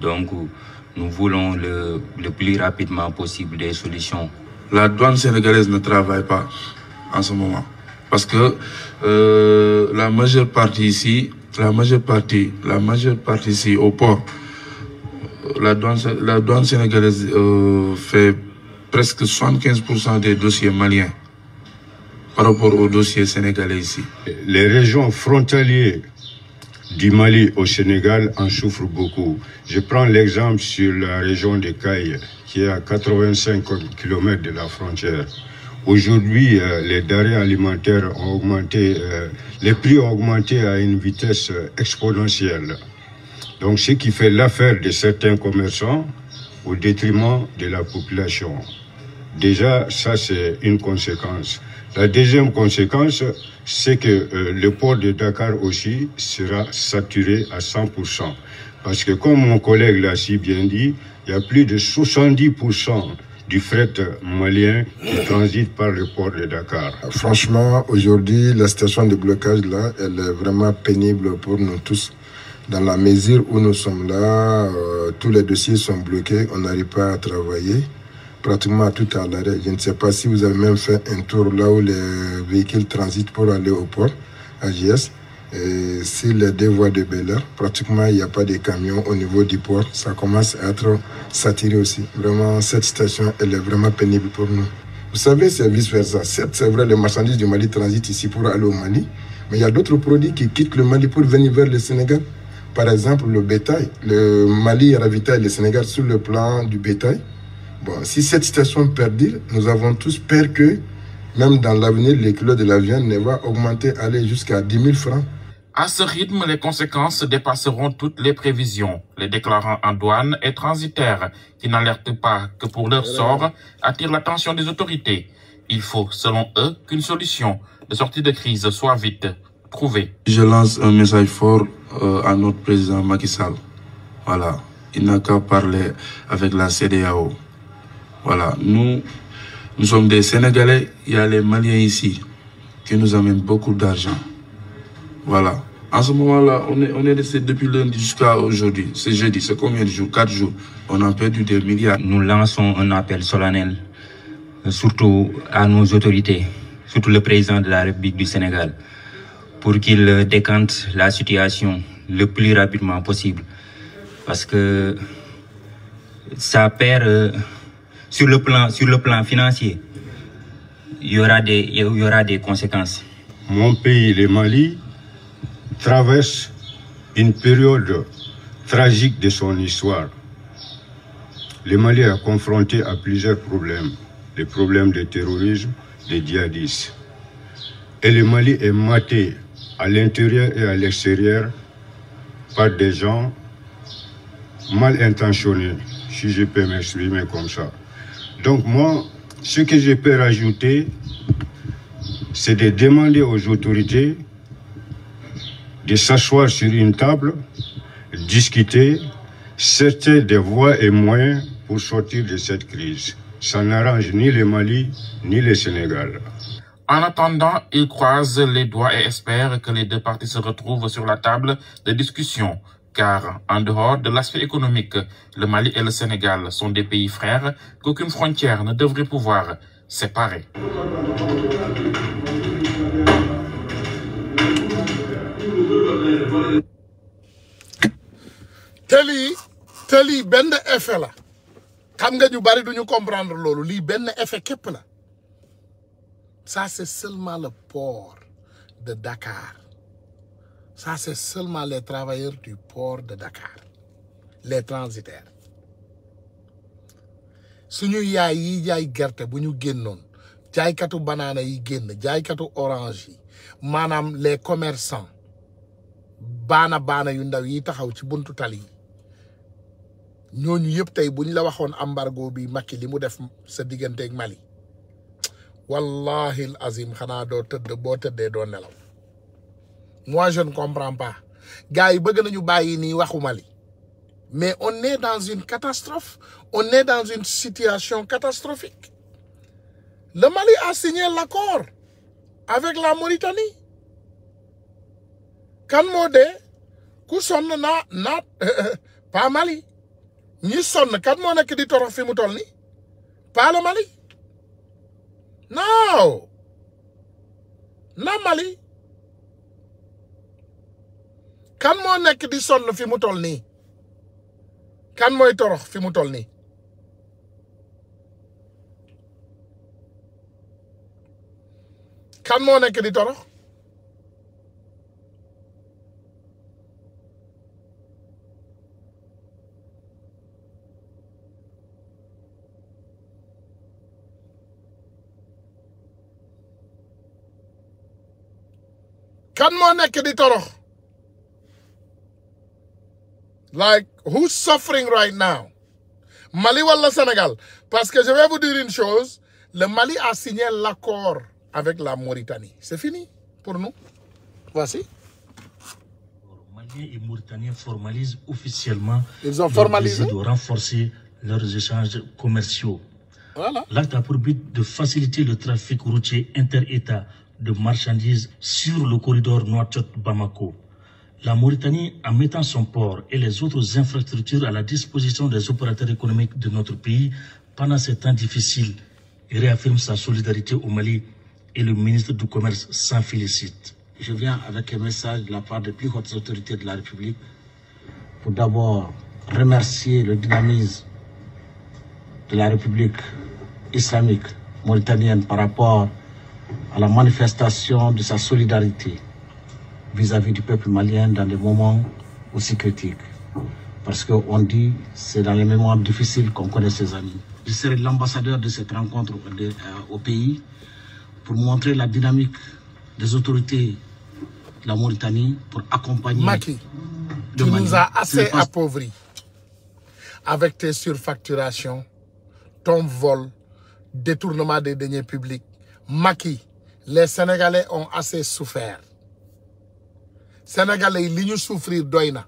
Speaker 8: Donc, nous voulons le, le, plus rapidement possible des solutions. La douane sénégalaise ne travaille pas en ce moment. Parce que euh, la majeure partie ici, la majeure partie, la majeure partie ici au port, la douane la douane sénégalaise euh, presque soixante-quinze pour cent des dossiers maliens par rapport aux dossiers sénégalais ici.
Speaker 9: Les régions frontalières Mali au Sénégal en souffrent Je prends l'exemple sur la région de vingt cinq kilomètres de la frontière. Aujourd'hui, euh, les denrées alimentaires ont euh, les prix ont augmenté à une euh, Donc ce qui fait l'affaire de certains commerçants au détriment de la population. Déjà, ça une conséquence. deuxième conséquence, c'est que euh, le port de aussi sera saturé à 100%. Parce que comme mon collègue plus de 70% du fret malien qui transite par le port de Dakar. Franchement, aujourd'hui, la station
Speaker 10: de blocage, là, elle est vraiment pénible pour dans la mesure où nous sommes là, euh, tous les dossiers sont bloqués, on n'arrive pas à travailler, pratiquement tout à l'arrêt. Je ne sais pas si vous avez même fait un tour là où les véhicules transitent pour aller au port, à si les deux voies de Bel Air, pratiquement a pas de camions au niveau du port. Ça commence à être saturé aussi. Vraiment, cette station, elle est vraiment pénible pour nous. Vous savez, c'est vice-versa. C'est vrai, du Mali transitent ici a pour venir vers le par exemple, le bétail. Le Mali ravitaille le Sénégal sur le plan du bétail. Bon, si cette situation perdure, nous avons tous peur que, même dans l'avenir, les kilos de la viande ne va augmenter, aller jusqu'à 10 000 francs.
Speaker 7: À ce rythme, les conséquences dépasseront toutes les prévisions. Les déclarants en douane et transitaires, qui n'alertent pas que pour leur sort, attirent l'attention des autorités. Il faut, selon eux, qu'une solution de sortie de crise soit vite trouvée.
Speaker 8: Je lance un message fort à euh, notre président Macky Sall voilà il n'a qu'à parler avec la CEDEAO voilà nous sommes des Sénégalais il y a les Maliens ici qui nous amènent beaucoup d'argent voilà en ce moment-là on est on est resté depuis jusqu'à aujourd'hui c'est jeudi combien de jours quatre jours on a perdu des milliards. nous lançons un appel solennel surtout à nos autorités surtout le président de la République du Sénégal
Speaker 2: pour qu'il euh, décante la situation le plus rapidement possible. Parce que ça perd euh, sur, le plan, sur le
Speaker 9: plan financier. Il y aura des, il y aura des conséquences. Mon pays, le Mali, traverse une période tragique de son histoire. Le Mali est confronté à plusieurs problèmes. Les problèmes de terrorisme, des djihadistes. Et le Mali est maté à l'intérieur et à l'extérieur par des gens mal intentionnés, si je peux m'exprimer comme ça. Donc moi, ce que je peux rajouter, c'est de demander aux autorités de s'asseoir sur une table, discuter, chercher des voies et moyens pour sortir de cette crise. Ça n'arrange ni le Mali ni le Sénégal.
Speaker 7: En attendant, ils croisent les doigts et espèrent que les deux parties se retrouvent sur la table de discussion, car en dehors de l'aspect économique, le Mali et le Sénégal sont des pays frères qu'aucune frontière ne devrait pouvoir séparer.
Speaker 1: te lii te lii benn la xam nga ñu bari duñu comprendre loolu lii benn effet képp la Ça, c'est seulement le de Dakar. Ça, c'est les travailleurs du port de Dakar, les transitaires. suñu yaay yi jaay gerte bu ñu génnoon jaaykatu banaana yi génn jaaykatu orange yi maanaam les commerçants baana baana yu ndaw yi taxaw ci buntu tali yi ñooñu yëpp tey bu ñu la waxoon embargo bi Macky li mu def sa digganteeg Mali wallahi azim xanaa doo tëdd boo tëddee doo nelaw moi je ne comprends pas gars yi bëgg nañu bàyyi nii waxu Mali mais on est dans une catastrophe on est dans une situation catastrophique le Mali a signé l'accord avec la Mauritanie kan moo dee ku sonn naa naa <laughs> Mali ñi sonn kan moo nekk di torox fi mu toll ni pas le No! Not kan moo nekk di sonn fi mu toll nii kan mooy torox fi mu toll nii kan moo nekk di torox kan moo nekk di Sénégal parce que je vais vous dire une chose le Mali a signé l'accord avec la Mauritanie c'est fini pour nous Maliens
Speaker 2: et Mauritaniens formalisent officiellement ils ont de renforcer leurs échanges commerciaux l'acte a pour but de faciliter le trafic routier inter-État de marchandises sur le corridor Nouakchott-Bamako. La Mauritanie, en mettant son port et les autres infrastructures à la disposition des opérateurs économiques de notre pays pendant ces temps difficiles, réaffirme sa solidarité au Mali et le ministre du Commerce s'en félicite.
Speaker 3: Je viens avec un message de la part des plus hautes autorités de la République pour d'abord remercier le dynamisme de la République islamique mauritanienne par rapport à la manifestation de sa solidarité vis-à-vis -vis du peuple malien dans des moments aussi critiques. Parce qu'on dit, c'est dans les moments difficiles qu'on connaît ses amis. Je serai l'ambassadeur de cette rencontre au euh, pays pour montrer la dynamique des autorités de la Mauritanie pour accompagner... Maki,
Speaker 1: de tu Mali. nous as assez appauvris avec tes surfacturations, ton vol, détournement des deniers publics, Macky les Sénégalais on assez souffert Sénégalais yi li ñu souffrir doy na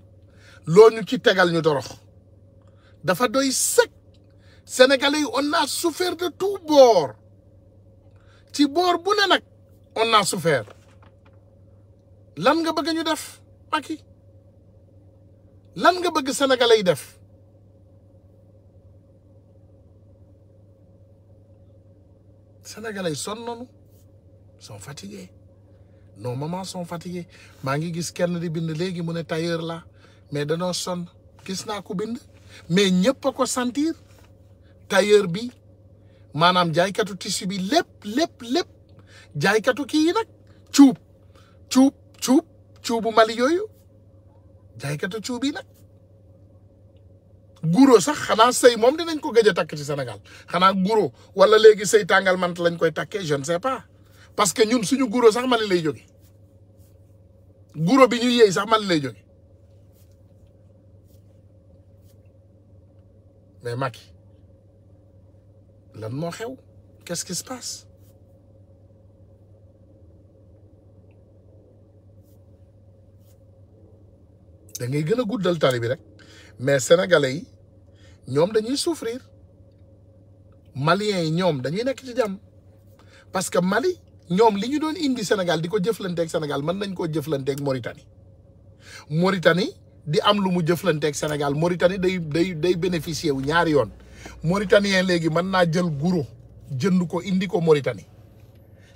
Speaker 1: loo ñu ci tegal ñu dorox dafa doy sëkk Sénégalais yi on a souffert de tout bord ci boor bu ne nag on a souffert lan nga bëgg ñu def Macky lan nga bëgg Sénégalais yi def sénégalais yi sonn nañu sont fatigués nos mamans sont fatiguées maa ngi gis kenn di bind léegi mu ne tailleur la mais danoo son gis naa ko bind mais ñëpp a ko sentir tailleur bi maanaam jaaykatu tissu bi lépp lépp lépp jaaykatu kii yi nag cuub cuub cuub cuubu Mali yooyu jaaykatu cuub yi nag guro sax xanaa sey moom dinañ ko gëj a takk ci Sénégal xanaa guro wala léegi sey tàngal mant lañ koy takkee je ne pas parce que ñun suñu guro sax Mali lay jóge guro bi ñu yëy sax Mali lay jóge mais Macky lan moo xew qu'est-ce qui se passe da ngay gën a guddal tali bi rek mais sénégalais yi ñoom dañuy souffrir maliens yi ñoom dañuy nekk ci jàmm parce que Mali ñoom li ñu doon indi Sénégal di ko jëflanteeg senegal man nañ koo jëflanteek Mauritanie Mauritanie di am lu mu jëflanteeg Sénégal Mauritanie day day day bénéficier wu ñaari yoon Mauritanien léegi mën naa jël guro jënd ko indi ko Mauritanie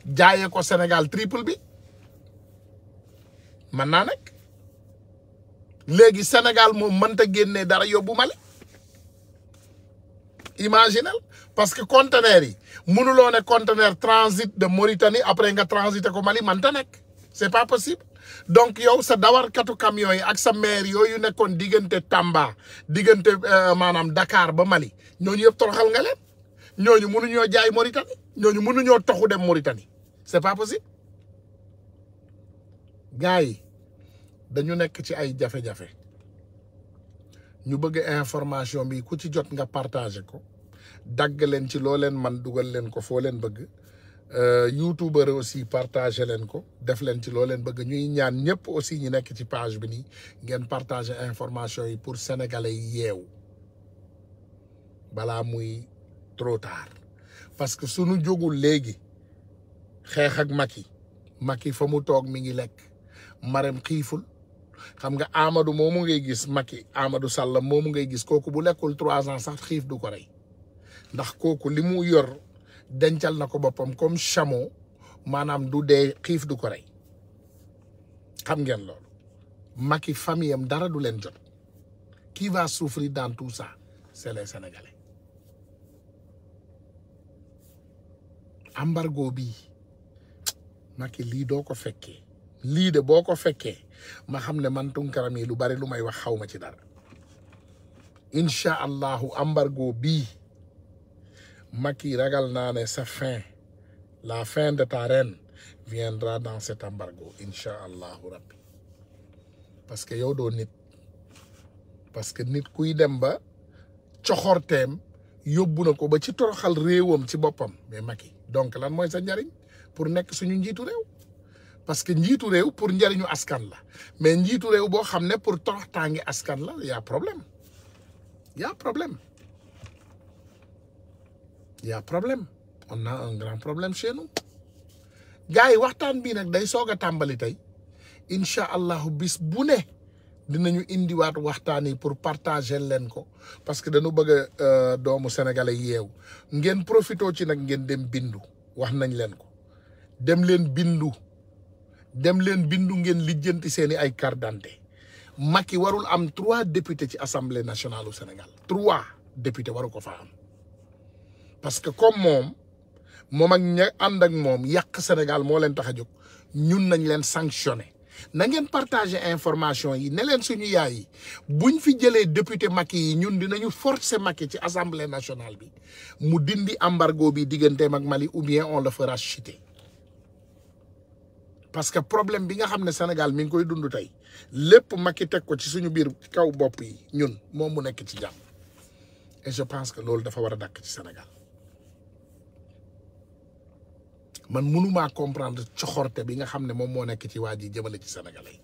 Speaker 1: jaaye ko Sénégal triple bi mën naa nekk léegi Sénégal moom mënta génnee dara yóbbu Mali imaginel parce que conteneur yi mënuloo ne conteneur transit de Mauritanie après nga transité ko Mali manta nekk c'est pas possible donc yow sa dawarkatu camion yi ak sa maire yooyu nekkoon diggante Tamba diggante euh, maanaam Dakar ba Mali ñooñu yëpp toroxal nga leen ñooñu mënuñoo jaay Mauritanie ñooñu mënuñoo toxu dem Mauritanie c'est pas possible gars yi dañu nekk ci ay jafe-jafe ñu bëgg information bi ku ci jot nga partagé ko dagg leen ci loo leen man dugal leen ko foo leen bëgg euh, youtubeur aussi partagé leen ko def leen ci loo leen bëgg ñuy ñaan ñëpp aussi ñu nekk ci page bi nii ngeen partagé information yi pour sénégalais yi yeewu balaa muy trop tard parce que suñu jógul léegi xeex ak Macky Macky fa mu toog mi ngi lekk Marème xiiful xam nga amadu moomu ngay gis Macky Amadou Sall moomu ngay gis kooku bu lekkul trois ans sax xiif du ko rey ndax kooku limu yor dencal na ko boppam comme chamo maanaam du dee xiif du ko rey xam ngeen loolu Macky famille am dara du leen jot kii va souffrir dans tout sa c'est les Sénégalais embargo bii Macky lii doo ko fekkee lii de boo ko fekkee ma xam ne man Tounkara mi lu bari lu may wax xaw ma ci dara incha allahu embargo bii Macky ragal naa ne sa fin la fin de ta reine viendra dans cet embargo incha allahu rabbi parce que yow doo nit parce que nit kuy dem ba coxorteem yóbbu na ko ba ci toroxal réewam ci boppam mais Macky donc lan mooy sa njariñ pour nekk suñu njiitu réew parce que njiitu réew pour njëriñu askan la mais njiitu réew boo xam ne pour toroxtaange askan la y' a problème yaa problème yaa problème on na un grand problème chez nous gars yi waxtaan bii nag day soog a tàmbali tey incha allahu bis bu ne dinañu indiwaat waxtaan yi pour partager leen ko parce que dañu bëgg a euh, doomu sénégalais yeew ngeen profito ci nag ngeen dem bindu wax nañ leen ko dem leen bindu. dem leen bindu ngeen lijjanti seeni ay carte d'identité Macky warul am trois députés ci assemblée nationale au Sénégal trois députés waru ko fa am parce que comme moom moom ak ña ànd ak moom yàq Sénégal moo leen tax a jóg ñun nañ leen sanctionné na ngeen partager information yi ne leen suñu yaay yi buñ fi jëlee député Macky yi ñun dinañu forcer Macky ci assemblée nationale bi mu dindi embargo bi digganteem ak Mali ou bien on le fera chuter parce que problème bi nga xam ne Sénégal mi ngi koy dund tey lépp Macky teg ko ci suñu biir kaw bopp yi ñun moom mu nekk ci jàmm et je pense que loolu dafa war a dàkk ci Sénégal man mënumaa comprendre coxorte bi nga xam ne moom moo nekk ci waa ji jëmale ci Sénégalais yi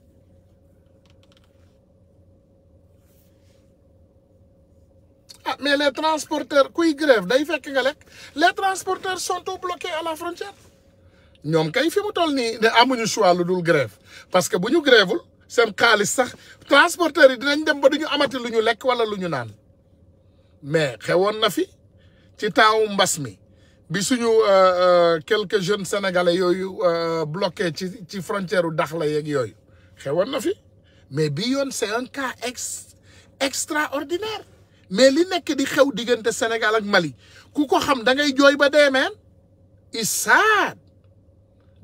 Speaker 1: ah mais les transporteurs kuy grève day fekk nga lekk les transporteurs sont bloqués à la frontière ñoom kay fi mu toll nii ne amuñu choix lu dul grève parce que bu ñu grèvul seen xaalis sax transporteurs yi dinañ dem ba duñu amati lu ñu lekk wala lu ñu naan mais xewoon na fi ci taawu mbas mi bi suñu euh, euh, quelques jeunes sénégalais yooyu euh, bloqué ci ci frontière u la yeeg yooyu xewoon na fi mais bi yoon c'est un cas ex extraordinaire mais li nekk di xew diggante Sénégal ak Mali ku ko xam dangay ngay jooy ba deemeen isaat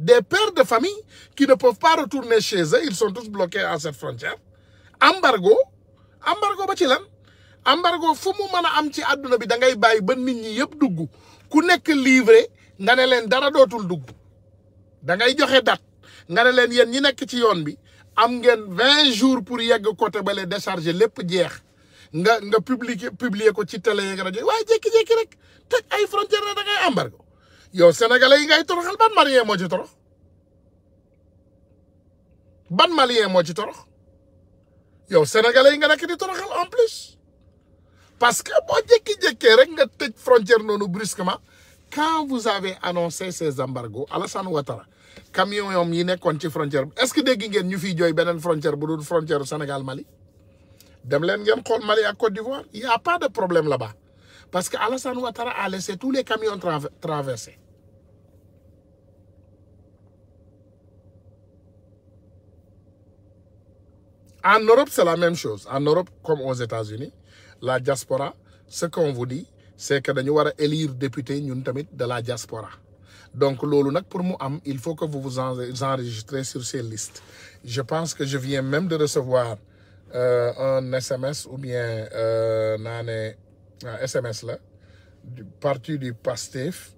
Speaker 1: de per de famille qui ne peuvent pas retourner chez eux ils sont tous bloqués à cette frontière embargo embargo ba ci lan embargo fu mu mën a am ci àdduna bi dangay bàyyi ba nit ñi yëpp dugg ku nekk livré nga ne leen dara dootul dugg da ngay joxe date nga ne leen yéen ñi nekk ci yoon bi am ngeen vingt jours pour yegg côté bale décharger lépp jeex nga nga publier publier ko ci télé yeeg rajo waaye jékki-jékki rek teg ay frontière la da ngay embargo yow sénégalais yi ngay toroxal ban malien moo ci torox ban malien moo ci torox yow sénégalais yi nga nekk di toroxal en plus parce que boo jékki-jékkee rek nga tëj frontière noonu brusquement quand vous avez annoncé ces embargos Alassane Ouattara camion yoom yi nekkoon ci frontière bi est-ce que dégg ngeen ñu fi jooy beneen frontière bu dul frontière Sénégal Mali dem leen ngeen xool Mali a Côte d'Ivoire il y a pas de problème là-bas parce que Alassane Ouattara a laissé tous les camions traversés En Europe, c'est la même chose. En Europe, comme aux États-Unis, la diaspora, ce qu'on vous dit, c'est que nous devons élire député de la diaspora. Donc, pour am il faut que vous vous enregistrez sur ces listes. Je pense que je viens même de recevoir euh, un SMS ou bien euh, un SMS là, du parti du PASTEF.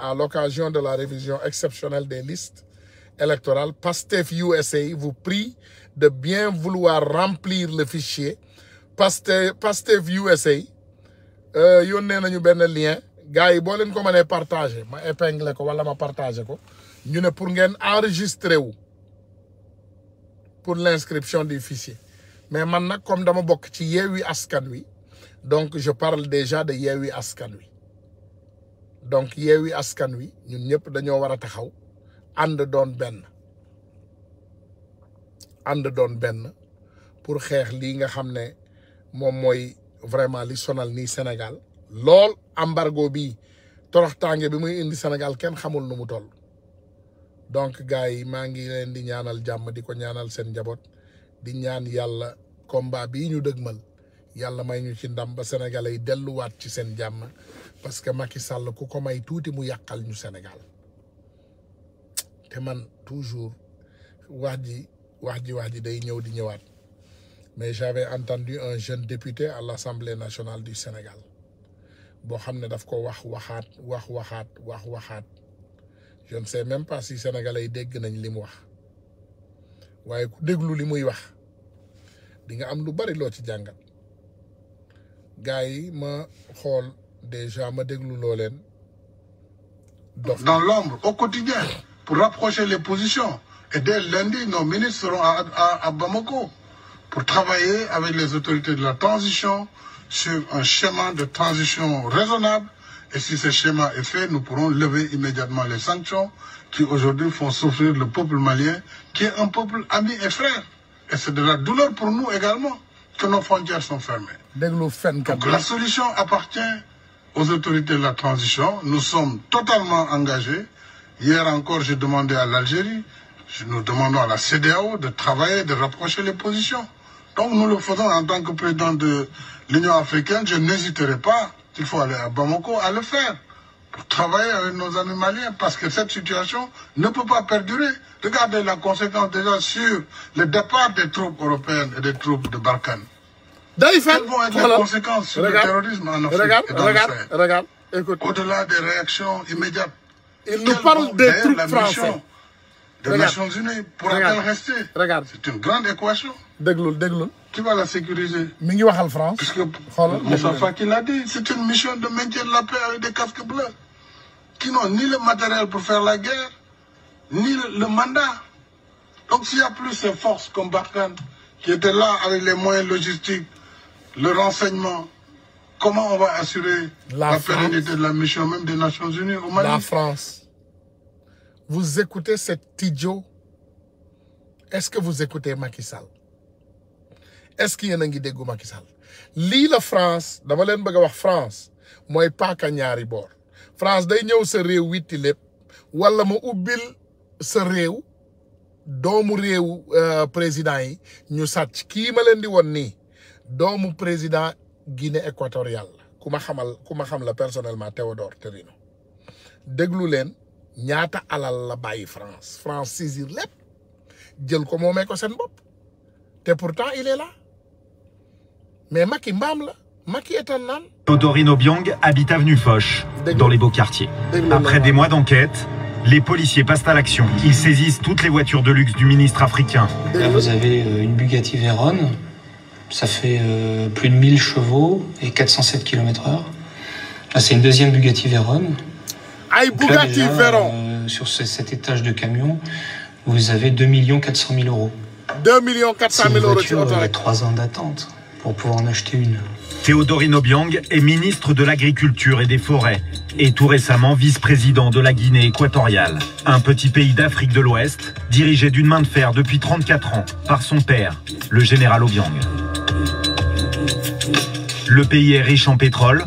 Speaker 1: à l'occasion de la révision exceptionnelle des listes électorales, PASTEF USA vous prie de bien vouloir remplir le fichier Pastef Pastef USA euh, yónnee nañu benn lien gars yi boo leen ko mënee partagé ma épinglé ko wala ma partagé ko ñu ne pour ngeen enregistré wu pour l'inscription du fichier mais man nag comme dama bokk ci Yewwi Askan Wi donc je parle déjà de Yewwi Askan Wi donc Yewwi Askan Wi ñun ñëpp dañoo war a taxaw ànd doon benn ànd doon benn pour xeex lii nga xam ne moom mooy vraiment li sonal nii Sénégal lool embargo bi toroxtaange bi muy indi Sénégal kenn xamul nu mu toll donc gars yi maa ngi leen di ñaanal jàmm di ko ñaanal seen njaboot di ñaan yàlla combat bii ñu dëgmal yàlla may ñu ci ndam ba sénégalais yi delluwaat ci seen jàmm parce que Macky sàll ku ko may tuuti mu yàqal ñu Sénégal te man toujours wax ji wax ji wax ji day ñëw di ñëwaat mais j'avais entendu un jeune député à l'Assemblée nationale du Sénégal boo xam ne daf ko wax waxaat wax waxaat wax waxaat je ne sais même pas si sénégalais yi dégg nañ li mu wax waaye ku déglu li muy wax di nga am lu bari loo ci jàngat gars yi ma xool déjà ma déglu loo leen.
Speaker 10: dof dans l'ombre au quotidien pour rapprocher les positions. Et dès lundi, nos ministres seront à, à, pour travailler avec les autorités de la transition sur un schéma de transition raisonnable. Et si ce schéma est fait, nous pourrons lever immédiatement les sanctions qui aujourd'hui font souffrir le peuple malien, qui est un peuple ami et frère. Et c'est de la douleur pour nous également que nos frontières sont fermées. Donc la solution appartient aux autorités de la transition. Nous sommes totalement engagés. Hier encore, j'ai demandé à l'Algérie Nous demandons à la CEDEAO de travailler, de rapprocher les positions. Donc nous le faisons en tant que président de l'Union africaine. Je n'hésiterai pas, s'il faut aller à Bamako, à le faire pour travailler avec nos animaliens parce que cette situation ne peut pas perdurer. Regardez la conséquence déjà sur le départ des troupes européennes et des troupes de Balkans. Quelles vont être Au-delà des réactions immédiates. Il nous parle des troupes françaises. des Nations Unies pourra-t-elle rester regarde c'est une grande équation. déglul qui va la sécuriser. mi ngi waxal France. puisque Moussa Faki l'a dit c'est une mission de maintien de la paix avec des casques bleus qui n'ont ni le matériel pour faire la guerre ni le, le mandat donc s'il y a plus ces forces comme Barkhane qui étaient là avec les moyens logistiques le renseignement comment on va assurer la, la pérennité de la mission même des Nations Unies au Mali la
Speaker 1: France Vous écoutez cet idiot. Est-ce que vous écoutez Macky Sall est-ce que yéen a ngi déggu Macky lii la France dama leen bëgg a wax France mooy paaka ñaari boor France day ñëw sa réew witti lépp wala ma ubbil sa réew doomu réewu euh, président yi ñu sàcc kii ma leen di woon nii doomu président Guinée équatoriale la ku ma xamal ku ma xam la personnellement Théodore Terino déglu leen ñaata alal la bàyyi France France saisir lépp jël ko moomee ko seen bopp te pourtant il est là mais Macky mbaam la Macky
Speaker 11: est un naan. Todorino Biang habite avenue Foch, dans les beaux quartiers. Après des mois d'enquête, les policiers passent à l'action. Ils saisissent toutes les voitures de luxe du ministre africain. Là,
Speaker 12: vous avez euh, une Bugatti
Speaker 11: Veyron. Ça fait euh, plus de 1000
Speaker 7: chevaux et 407 km/h. Là, c'est une deuxième Bugatti Veyron.
Speaker 1: ay Bugatti déjà, Veyron.
Speaker 7: Euh, sur ce, cet étage de camion, vous avez 2 400 000
Speaker 10: euros. 2 euros. Voiture, vous ans d'attente pour pouvoir en acheter une.
Speaker 11: Théodorino Biang est ministre de l'Agriculture et des Forêts et tout récemment vice-président de la Guinée équatoriale, un petit pays d'Afrique de l'Ouest dirigé d'une main de fer depuis 34 ans par son père, le général Obiang. Le pays est riche en pétrole,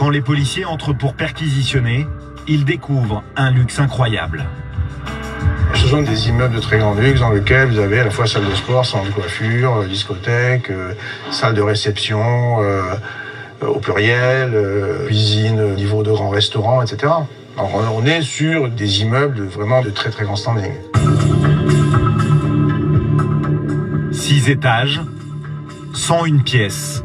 Speaker 11: Quand les policiers entrent pour perquisitionner, ils découvrent un luxe incroyable. Ce sont des immeubles de très grand luxe dans lesquels vous avez à la fois salle de sport, salle de coiffure, euh, discothèque, euh, salle de réception euh, au pluriel, euh, cuisine, niveau euh, de grands restaurants, etc. Alors, on est sur des immeubles vraiment de très très grand standing. Six étages, 101 pièces.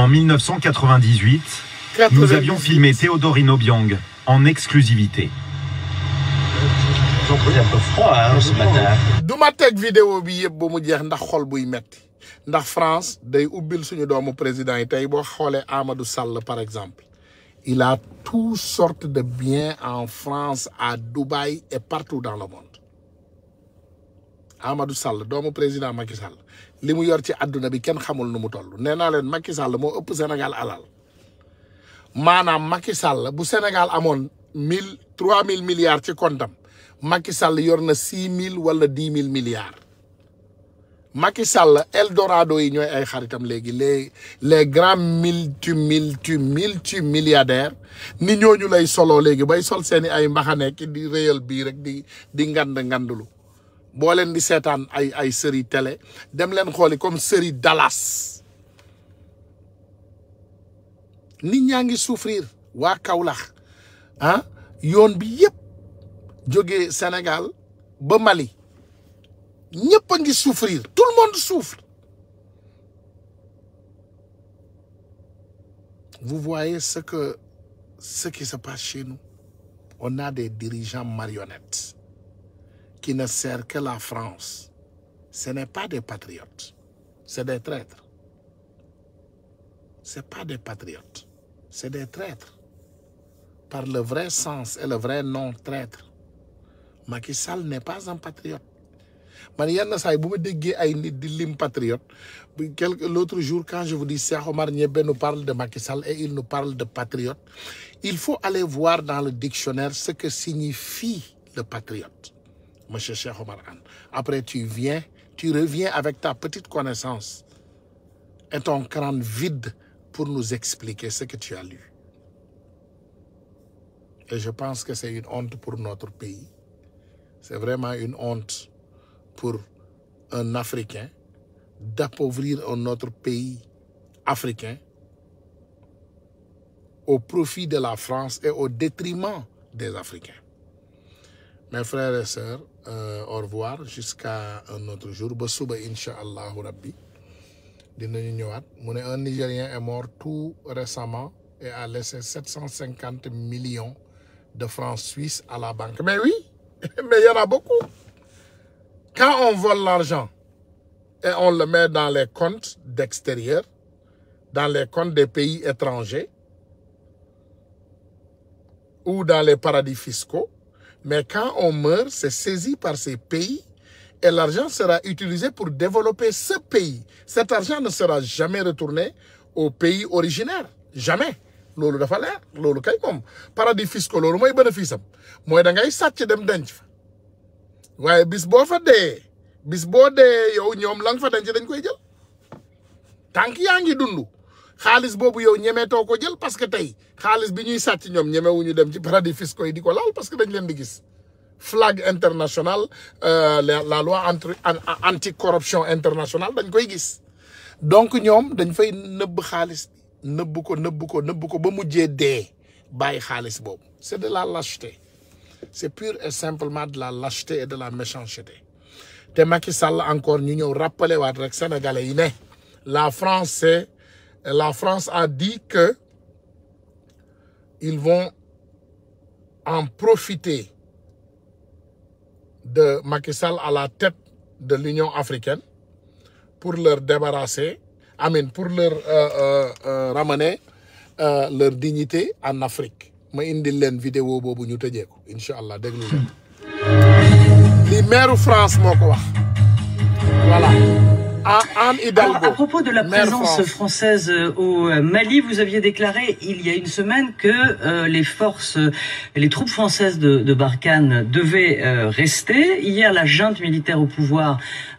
Speaker 11: En 1998, nous avions filmé Théodorino Biang en exclusivité. un peu froid hein, ce matin. du
Speaker 1: ma teg vidéo bi yëpp ba mu jeex ndax xol buy metti ndax France day ubbil suñu doomu président yi tey boo xoolee Amadou Sall par exemple il a toutes sortes de biens en France à Dubaï et partout dans le monde Amadou Sall doomu président Macky Sall li mu yor ci àdduna bi kenn xamul nu mu toll nee naa leen Macky Sall moo ëpp Sénégal alal maanaam Macky Sall bu Sénégal amoon mille trois mille milliards ci kontam Macky Sall yor na six mille wala dix mille milliards Macky Sall dorado yi ñooy ay xaritam léegi les les grands tu multi multi milliardaires ni ñooñu lay solo léegi bay sol seeni ay mbaxane ki di réyal bii rek di di ngand ngandlu boo leen seetaan ay ay série télé dem leen xooli comme série Dallas nit ñaa ngi souffrir waa kawlax ah yoon bi yëpp jógee senegal ba Mali ñëpp a ngi souffrir tout le monde souffre vous voyez ce que ce qui se passe chez nous on a des dirigeants marionnettes qui ne sert que la France, ce n'est pas des patriotes, c'est des traîtres. Ce n'est pas des patriotes, c'est des traîtres. Par le vrai sens et le vrai nom traître, Macky Sall n'est pas un patriote. man yenn saa yi bu ma déggee ay nit di lim patriote quelque l'autre jour quand je vous dis Cheikh Omar Niébé nous parle de Macky Sall et il nous parle de patriote il faut aller voir dans le dictionnaire ce que signifie le patriote monsieur Cheikh Omar Anne. Après, tu viens, tu reviens avec ta petite connaissance et ton crâne vide pour nous expliquer ce que tu as lu. Et je pense que c'est une honte pour notre pays. C'est vraiment une honte pour un Africain d'appauvrir un autre pays africain au profit de la France et au détriment des Africains. Mes frères et sœurs, Euh, au revoir jusqu'à un autre jour ba suba incha allahu rabbi dinañu ñëwaat mu ne un Nigérien est mort tout récemment et a laissé cent cinquante millions de francs suisses à la banque mais oui <laughs> mais y en a beaucoup quand on vole l'argent et on le met dans les comptes d'extérieur dans les comptes des pays étrangers ou dans les paradis fiscaux Mais quand on meurt, c'est saisi par ces pays et l'argent sera utilisé pour développer ce pays. Cet argent ne sera jamais retourné au pays originaire. Jamais. loolu dafa leer loolu kay moom paradis fiscal loolu mooy bénéfice am mooy dangay ngay sàcc dem denc fa waaye bis boo fa dee bis boo dee yow ñoom lang fa denc dañ koy jël tànk yaa ngi dund xaalis boobu yow ñemeetoo ko jël parce que tey xaalis bi ñuy sàcc ñoom ñu dem ci paradis fiscaux yi di ko laal parce que dañ leen di gis flag international euh, la loi entre anti corruption internationale dañ koy gis donc ñoom dañ fay nëbb xaalis nëbb ko nëbb ko nëbb ko ba mujjee dee bàyyi xaalis boobu c'est de la lâcheté c'est pur et de la lâcheté et de la méchanceté te Macky Sall encore ñu ñëw rappelé waat rek sénégalais yi ne la France la France a dit que ils vont en profiter de Macky Sall à la tête de l'Union africaine pour leur débarrasser, amin, pour leur euh, euh, euh, ramener euh, leur dignité en Afrique. ma indil leen vidéo boobu ñu tëjee ko incha allah déglu hmm. France moo ko wax
Speaker 12: à ah, Anne Hidalgo. Alors, à propos de la présence France. française euh, au euh, Mali, vous aviez déclaré il y a une semaine que euh, les forces, euh, les troupes françaises de, de Barkhane devaient euh, rester. Hier, la junte militaire au pouvoir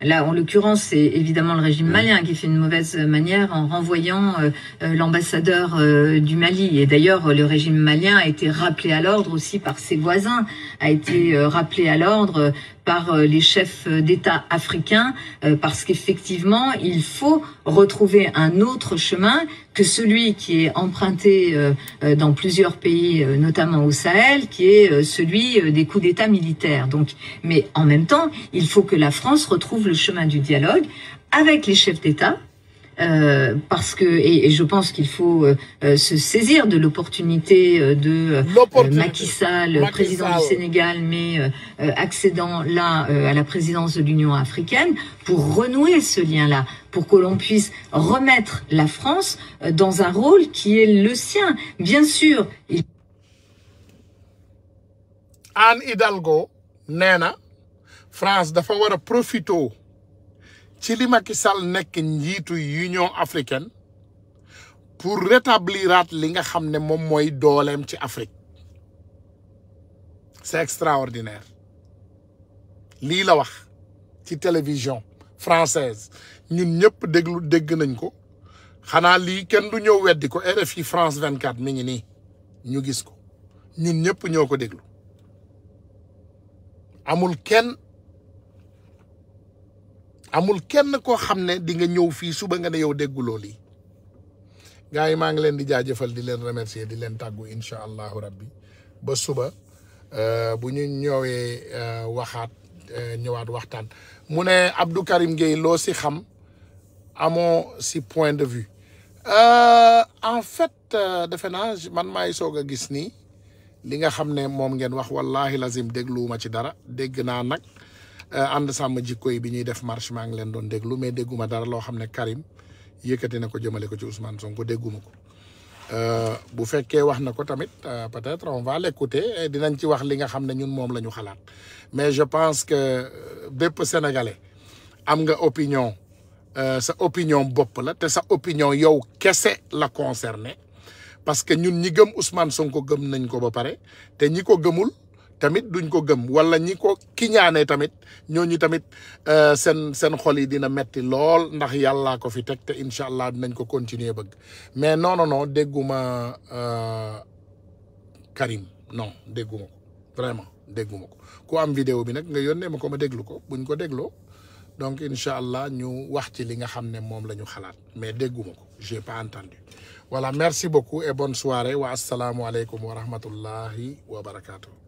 Speaker 12: Là, en l'occurrence, c'est évidemment le régime malien qui fait une mauvaise manière en renvoyant euh, euh, l'ambassadeur euh, du Mali. Et d'ailleurs, le régime malien a été rappelé à l'ordre par ses voisins, a été euh, rappelé à l'ordre par les chefs d'État africains, parce qu'effectivement, il faut retrouver un autre chemin que celui qui est emprunté dans plusieurs pays, notamment au Sahel, qui est celui des coups d'État militaires. mais en même temps, il faut que la France retrouve le chemin du dialogue avec les chefs d'État. Euh, parce que et, je pense qu'il faut euh, euh se saisir de l'opportunité euh, de Macky Sall, président du Sénégal, mais accédant là à la présidence de l'Union africaine, pour renouer ce lien-là, pour que l'on puisse remettre la France dans un rôle qui est le sien. Bien sûr. Il...
Speaker 1: France dafa war a profito ci limakisal nekk njiitu yu Union africaine pour rétabliraat li nga xam ne moom mooy dooleem ci Afrique c'est extraordinaire lii la wax ci télévision française ñun ñëpp déglu dégg nañ ko xanaa lii kenn du ñëw weddi ko RFI France 24 mi ngi nii ñu gis ko ñun ñëpp ñoo ko déglu amul kenn amul kenn koo xam ne di nga ñëw fii suba nga ne yow dégguloo lii gars yi maa ngi leen di jaajëfal di leen remercier di leen tàggu incha allahu rabbi ba suba euh, bu ñu ñëwee euh, waxaat euh, ñëwaat waxtaan mu ne Abdou Karim Gueye loo si xam amoo si point de vue en fait defe naa man maay soog a gis ni li nga xam ne moom ngeen wax wallahi lazim dégluwuma ci dara dégg naa nag Euh, ànd sàmm jikko koy bi ñuy def marche maa ngi leen doon déglu mais dégguma dara loo xam ne Karim yëkkati na ko jëmale ko ci Ousmane Sonko dégguma ko euh, bu fekkee wax na ko tamit euh, peut-être on va l'écouter dinañ ci wax li nga xam ne ñun moom lañu xalaat mais je pense que bépp sénégalais am nga opinion sa opinion bopp la te sa opinion yow kese la concerné parce que ñun ñi gëm Ousmane Sonko gëm nañ ko ba pare te ñi ko gëmul. tamit duñ ko gëm wala ñi ko kiñaane tamit ñooñu tamit euh, sen seen xol yi dina metti lool ndax yàllaa ko fi teg te incha allah dinañ ko continuer bëgg mais non non non dégguma euh, Karim non dégguma ko vraiment dégguma ko ku am vidéo bi nag nga yónnee ma ko ma déglu ko buñ ko dégloo donc incha allah ñu wax ci li nga xam ne moom la ñu xalaat mais dégguma ko j'ai pas entendu voilà merci beaucoup et bonne soirée wa asalaamualeykum wa rahmatullahi wa barakaatu.